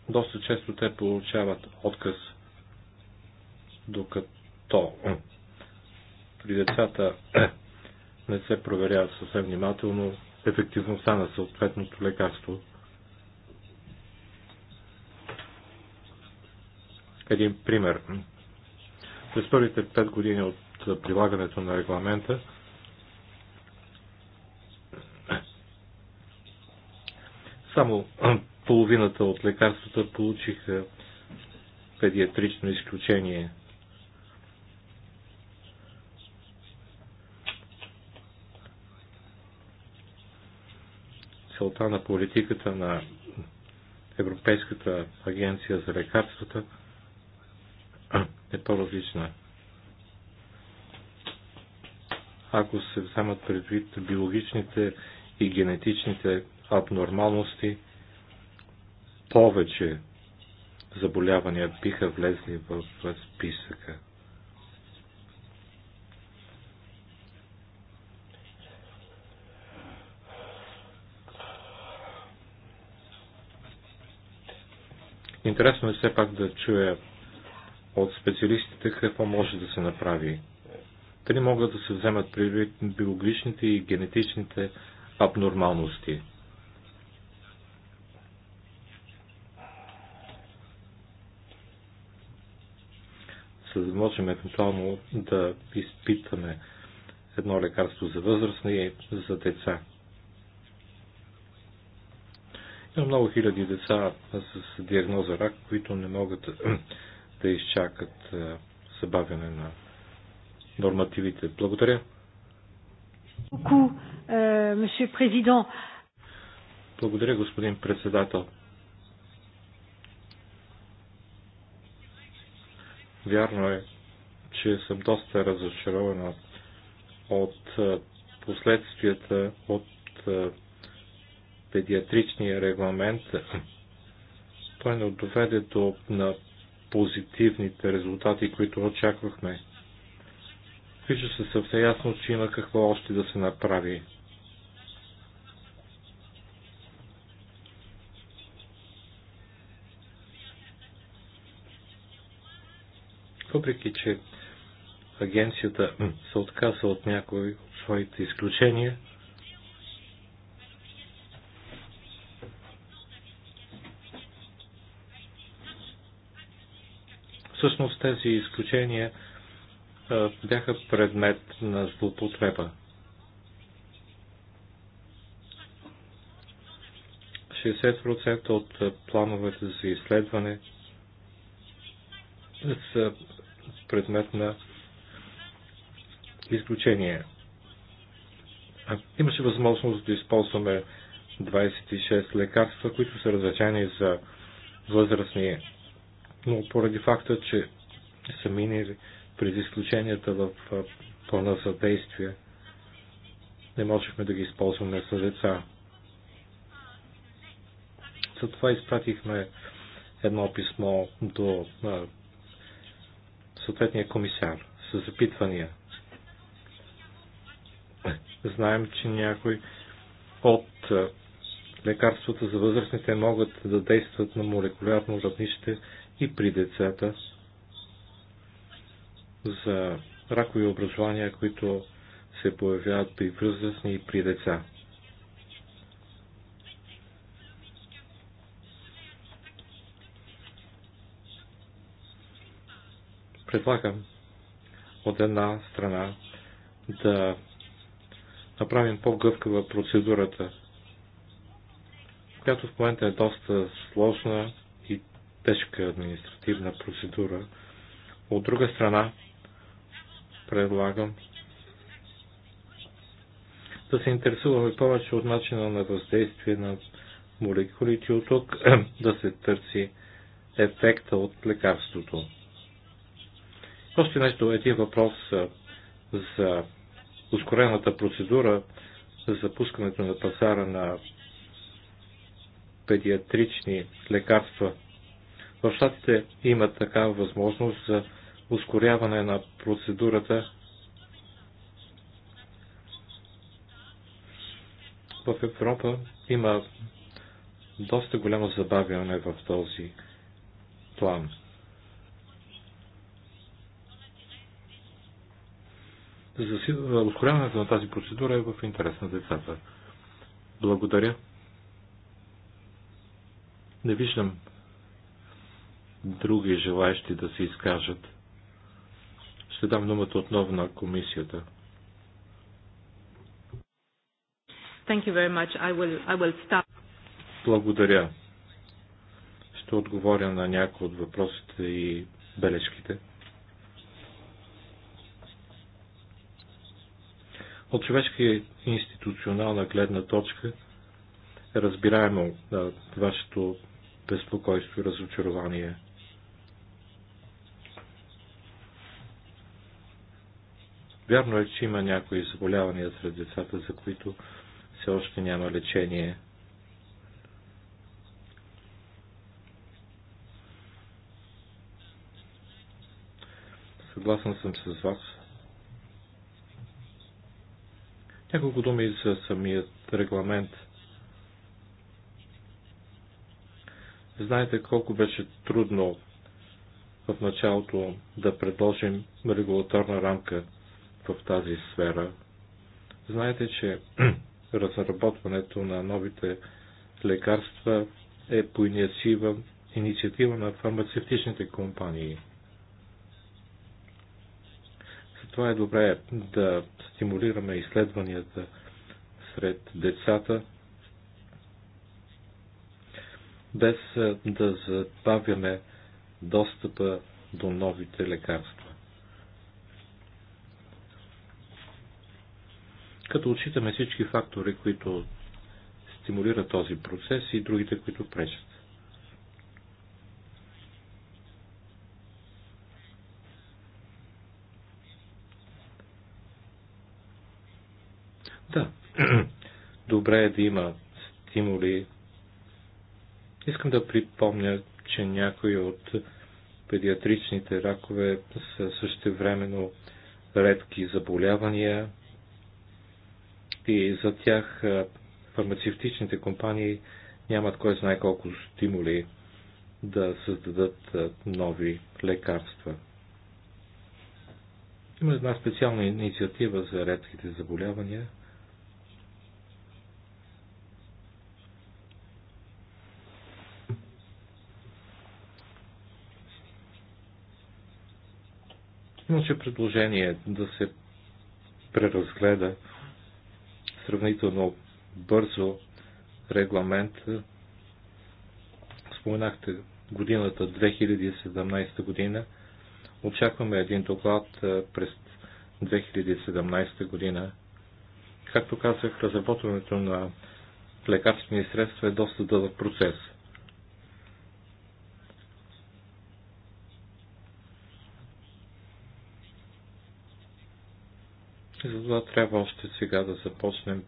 доста често те получават отказ докато при децата не се проверява съвсем внимателно ефективността на съответното лекарство. Един пример. През първите 5 години от прилагането на регламента само половината от лекарствата получиха педиатрично изключение – целта на политиката на Европейската агенция за лекарствата е по-различна. Ако се вземат предвид биологичните и генетичните абнормалности, повече заболявания биха влезли в списъка. Интересно е все пак да чуя от специалистите какво може да се направи. Дали могат да се вземат предвид биологичните и генетичните абнормалности? За да можем евентуално да изпитаме едно лекарство за възрастни и за деца. Има много хиляди деца с диагноза рак, които не могат да изчакат събавяне е, на нормативите. Благодаря. Е, Благодаря, господин председател. Вярно е, че съм доста разочарована от е, последствията от педиатричния регламент, той не доведе до на позитивните резултати, които очаквахме. Вижда се съвсем ясно, че има какво още да се направи. Въпреки, че агенцията се отказа от някои от своите изключения, Всъщност тези изключения бяха предмет на злоупотреба. 60% от плановете за изследване са предмет на изключение. Имаше възможност да използваме 26 лекарства, които са разрешени за възрастни но поради факта, че са минали през изключенията в плана за действие, не можехме да ги използваме за деца. Затова изпратихме едно писмо до на съответния комисар с запитвания. Знаем, че някои от лекарствата за възрастните могат да действат на молекулярно равнище и при децата за ракови образования, които се появяват при възрастни и при деца. Предлагам от една страна да направим по-гъвкава процедурата, която в момента е доста сложна тежка административна процедура. От друга страна, предлагам да се интересуваме повече от начина на въздействие на молекулите от тук, да се търси ефекта от лекарството. Още нещо, един въпрос за ускорената процедура за запускането на пазара на педиатрични лекарства. В щатите има такава възможност за ускоряване на процедурата в Европа има доста голямо забавяне в този план. ускоряването на тази процедура е в интерес на децата. Благодаря. Не виждам други желаящи да се изкажат. Ще дам думата отново на комисията. Thank you very much. I will, I will start. Благодаря. Ще отговоря на някои от въпросите и бележките. От човешка и институционална гледна точка разбираемо на вашето безпокойство и разочарование – Вярно е, че има някои заболявания сред децата, за които все още няма лечение. Съгласен съм с вас. Няколко думи за самият регламент. Знаете колко беше трудно в началото да предложим регулаторна рамка в тази сфера. Знаете, че разработването на новите лекарства е по инициатива, инициатива на фармацевтичните компании. Затова е добре да стимулираме изследванията сред децата, без да забавяме достъпа до новите лекарства. като отчитаме всички фактори, които стимулират този процес и другите, които пречат. Да, добре е да има стимули. Искам да припомня, че някои от педиатричните ракове са същевременно редки заболявания, и за тях фармацевтичните компании нямат кой знае колко стимули да създадат нови лекарства. Има една специална инициатива за редките заболявания. Имаше предложение да се преразгледа сравнително бързо регламент. Споменахте годината 2017 година. Очакваме един доклад през 2017 година. Както казах, разработването на лекарствени средства е доста дълъг процес – Затова трябва още сега да започнем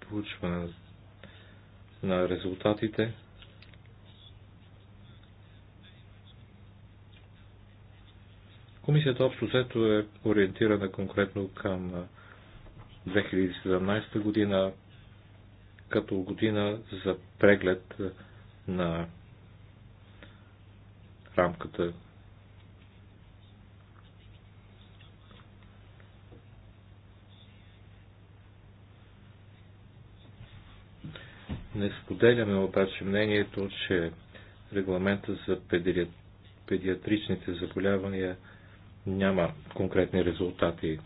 проучване на резултатите. Комисията общо взето е ориентирана конкретно към 2017 година като година за преглед на рамката Не споделяме обаче мнението, че регламента за педиатричните заболявания няма конкретни резултати.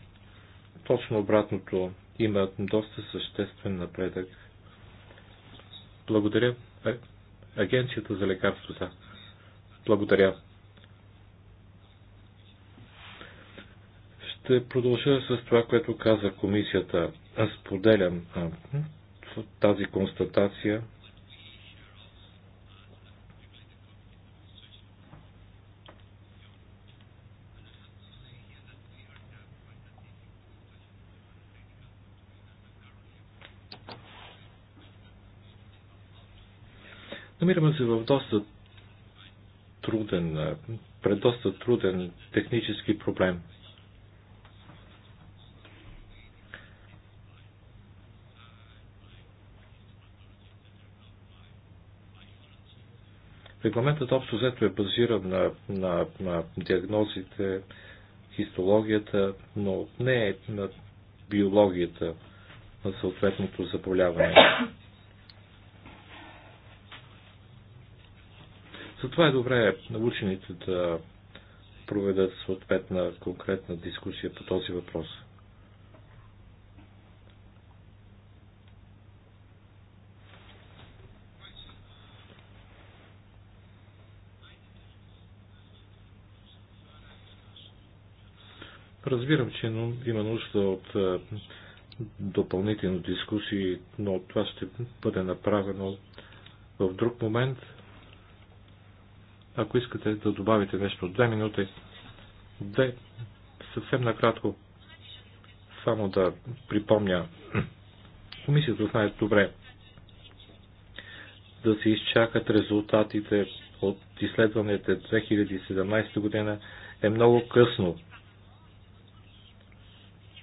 Точно обратното има доста съществен напредък. Благодаря. Агенцията за лекарствата. Благодаря. Ще продължа с това, което каза комисията. Аз споделям тази констатация Намираме се в доста труден, пред доста труден технически проблем – Регламентът общо взето е базиран на, на, на диагнозите, хистологията, но не е на биологията на съответното заболяване. Затова е добре учените да проведат съответна конкретна дискусия по този въпрос. Разбирам, че има нужда от допълнителни дискусии, но това ще бъде направено в друг момент. Ако искате да добавите нещо две минути, две, съвсем накратко, само да припомня, комисията знае добре да се изчакат резултатите от изследването 2017 година е много късно.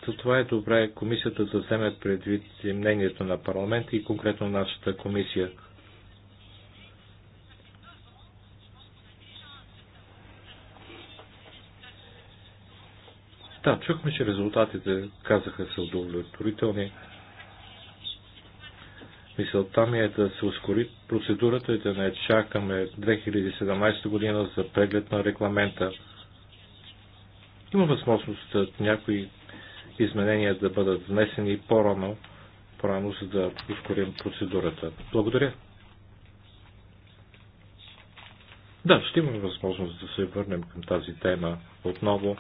Това е добре комисията да вземе предвид и мнението на парламент и конкретно нашата комисия. Да, чухме, че резултатите казаха са удовлетворителни. Мисълта ми е да се ускори процедурата и да не чакаме 2017 година за преглед на регламента. Има възможност някои изменения да бъдат внесени по-рано, по-рано, за да ускорим процедурата. Благодаря. Да, ще имаме възможност да се върнем към тази тема отново.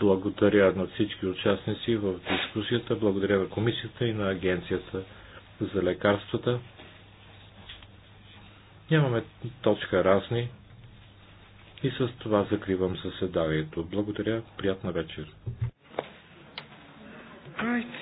Благодаря на всички участници в дискусията, благодаря на комисията и на агенцията за лекарствата. Нямаме точка разни и с това закривам заседанието. Благодаря, приятна вечер. Christ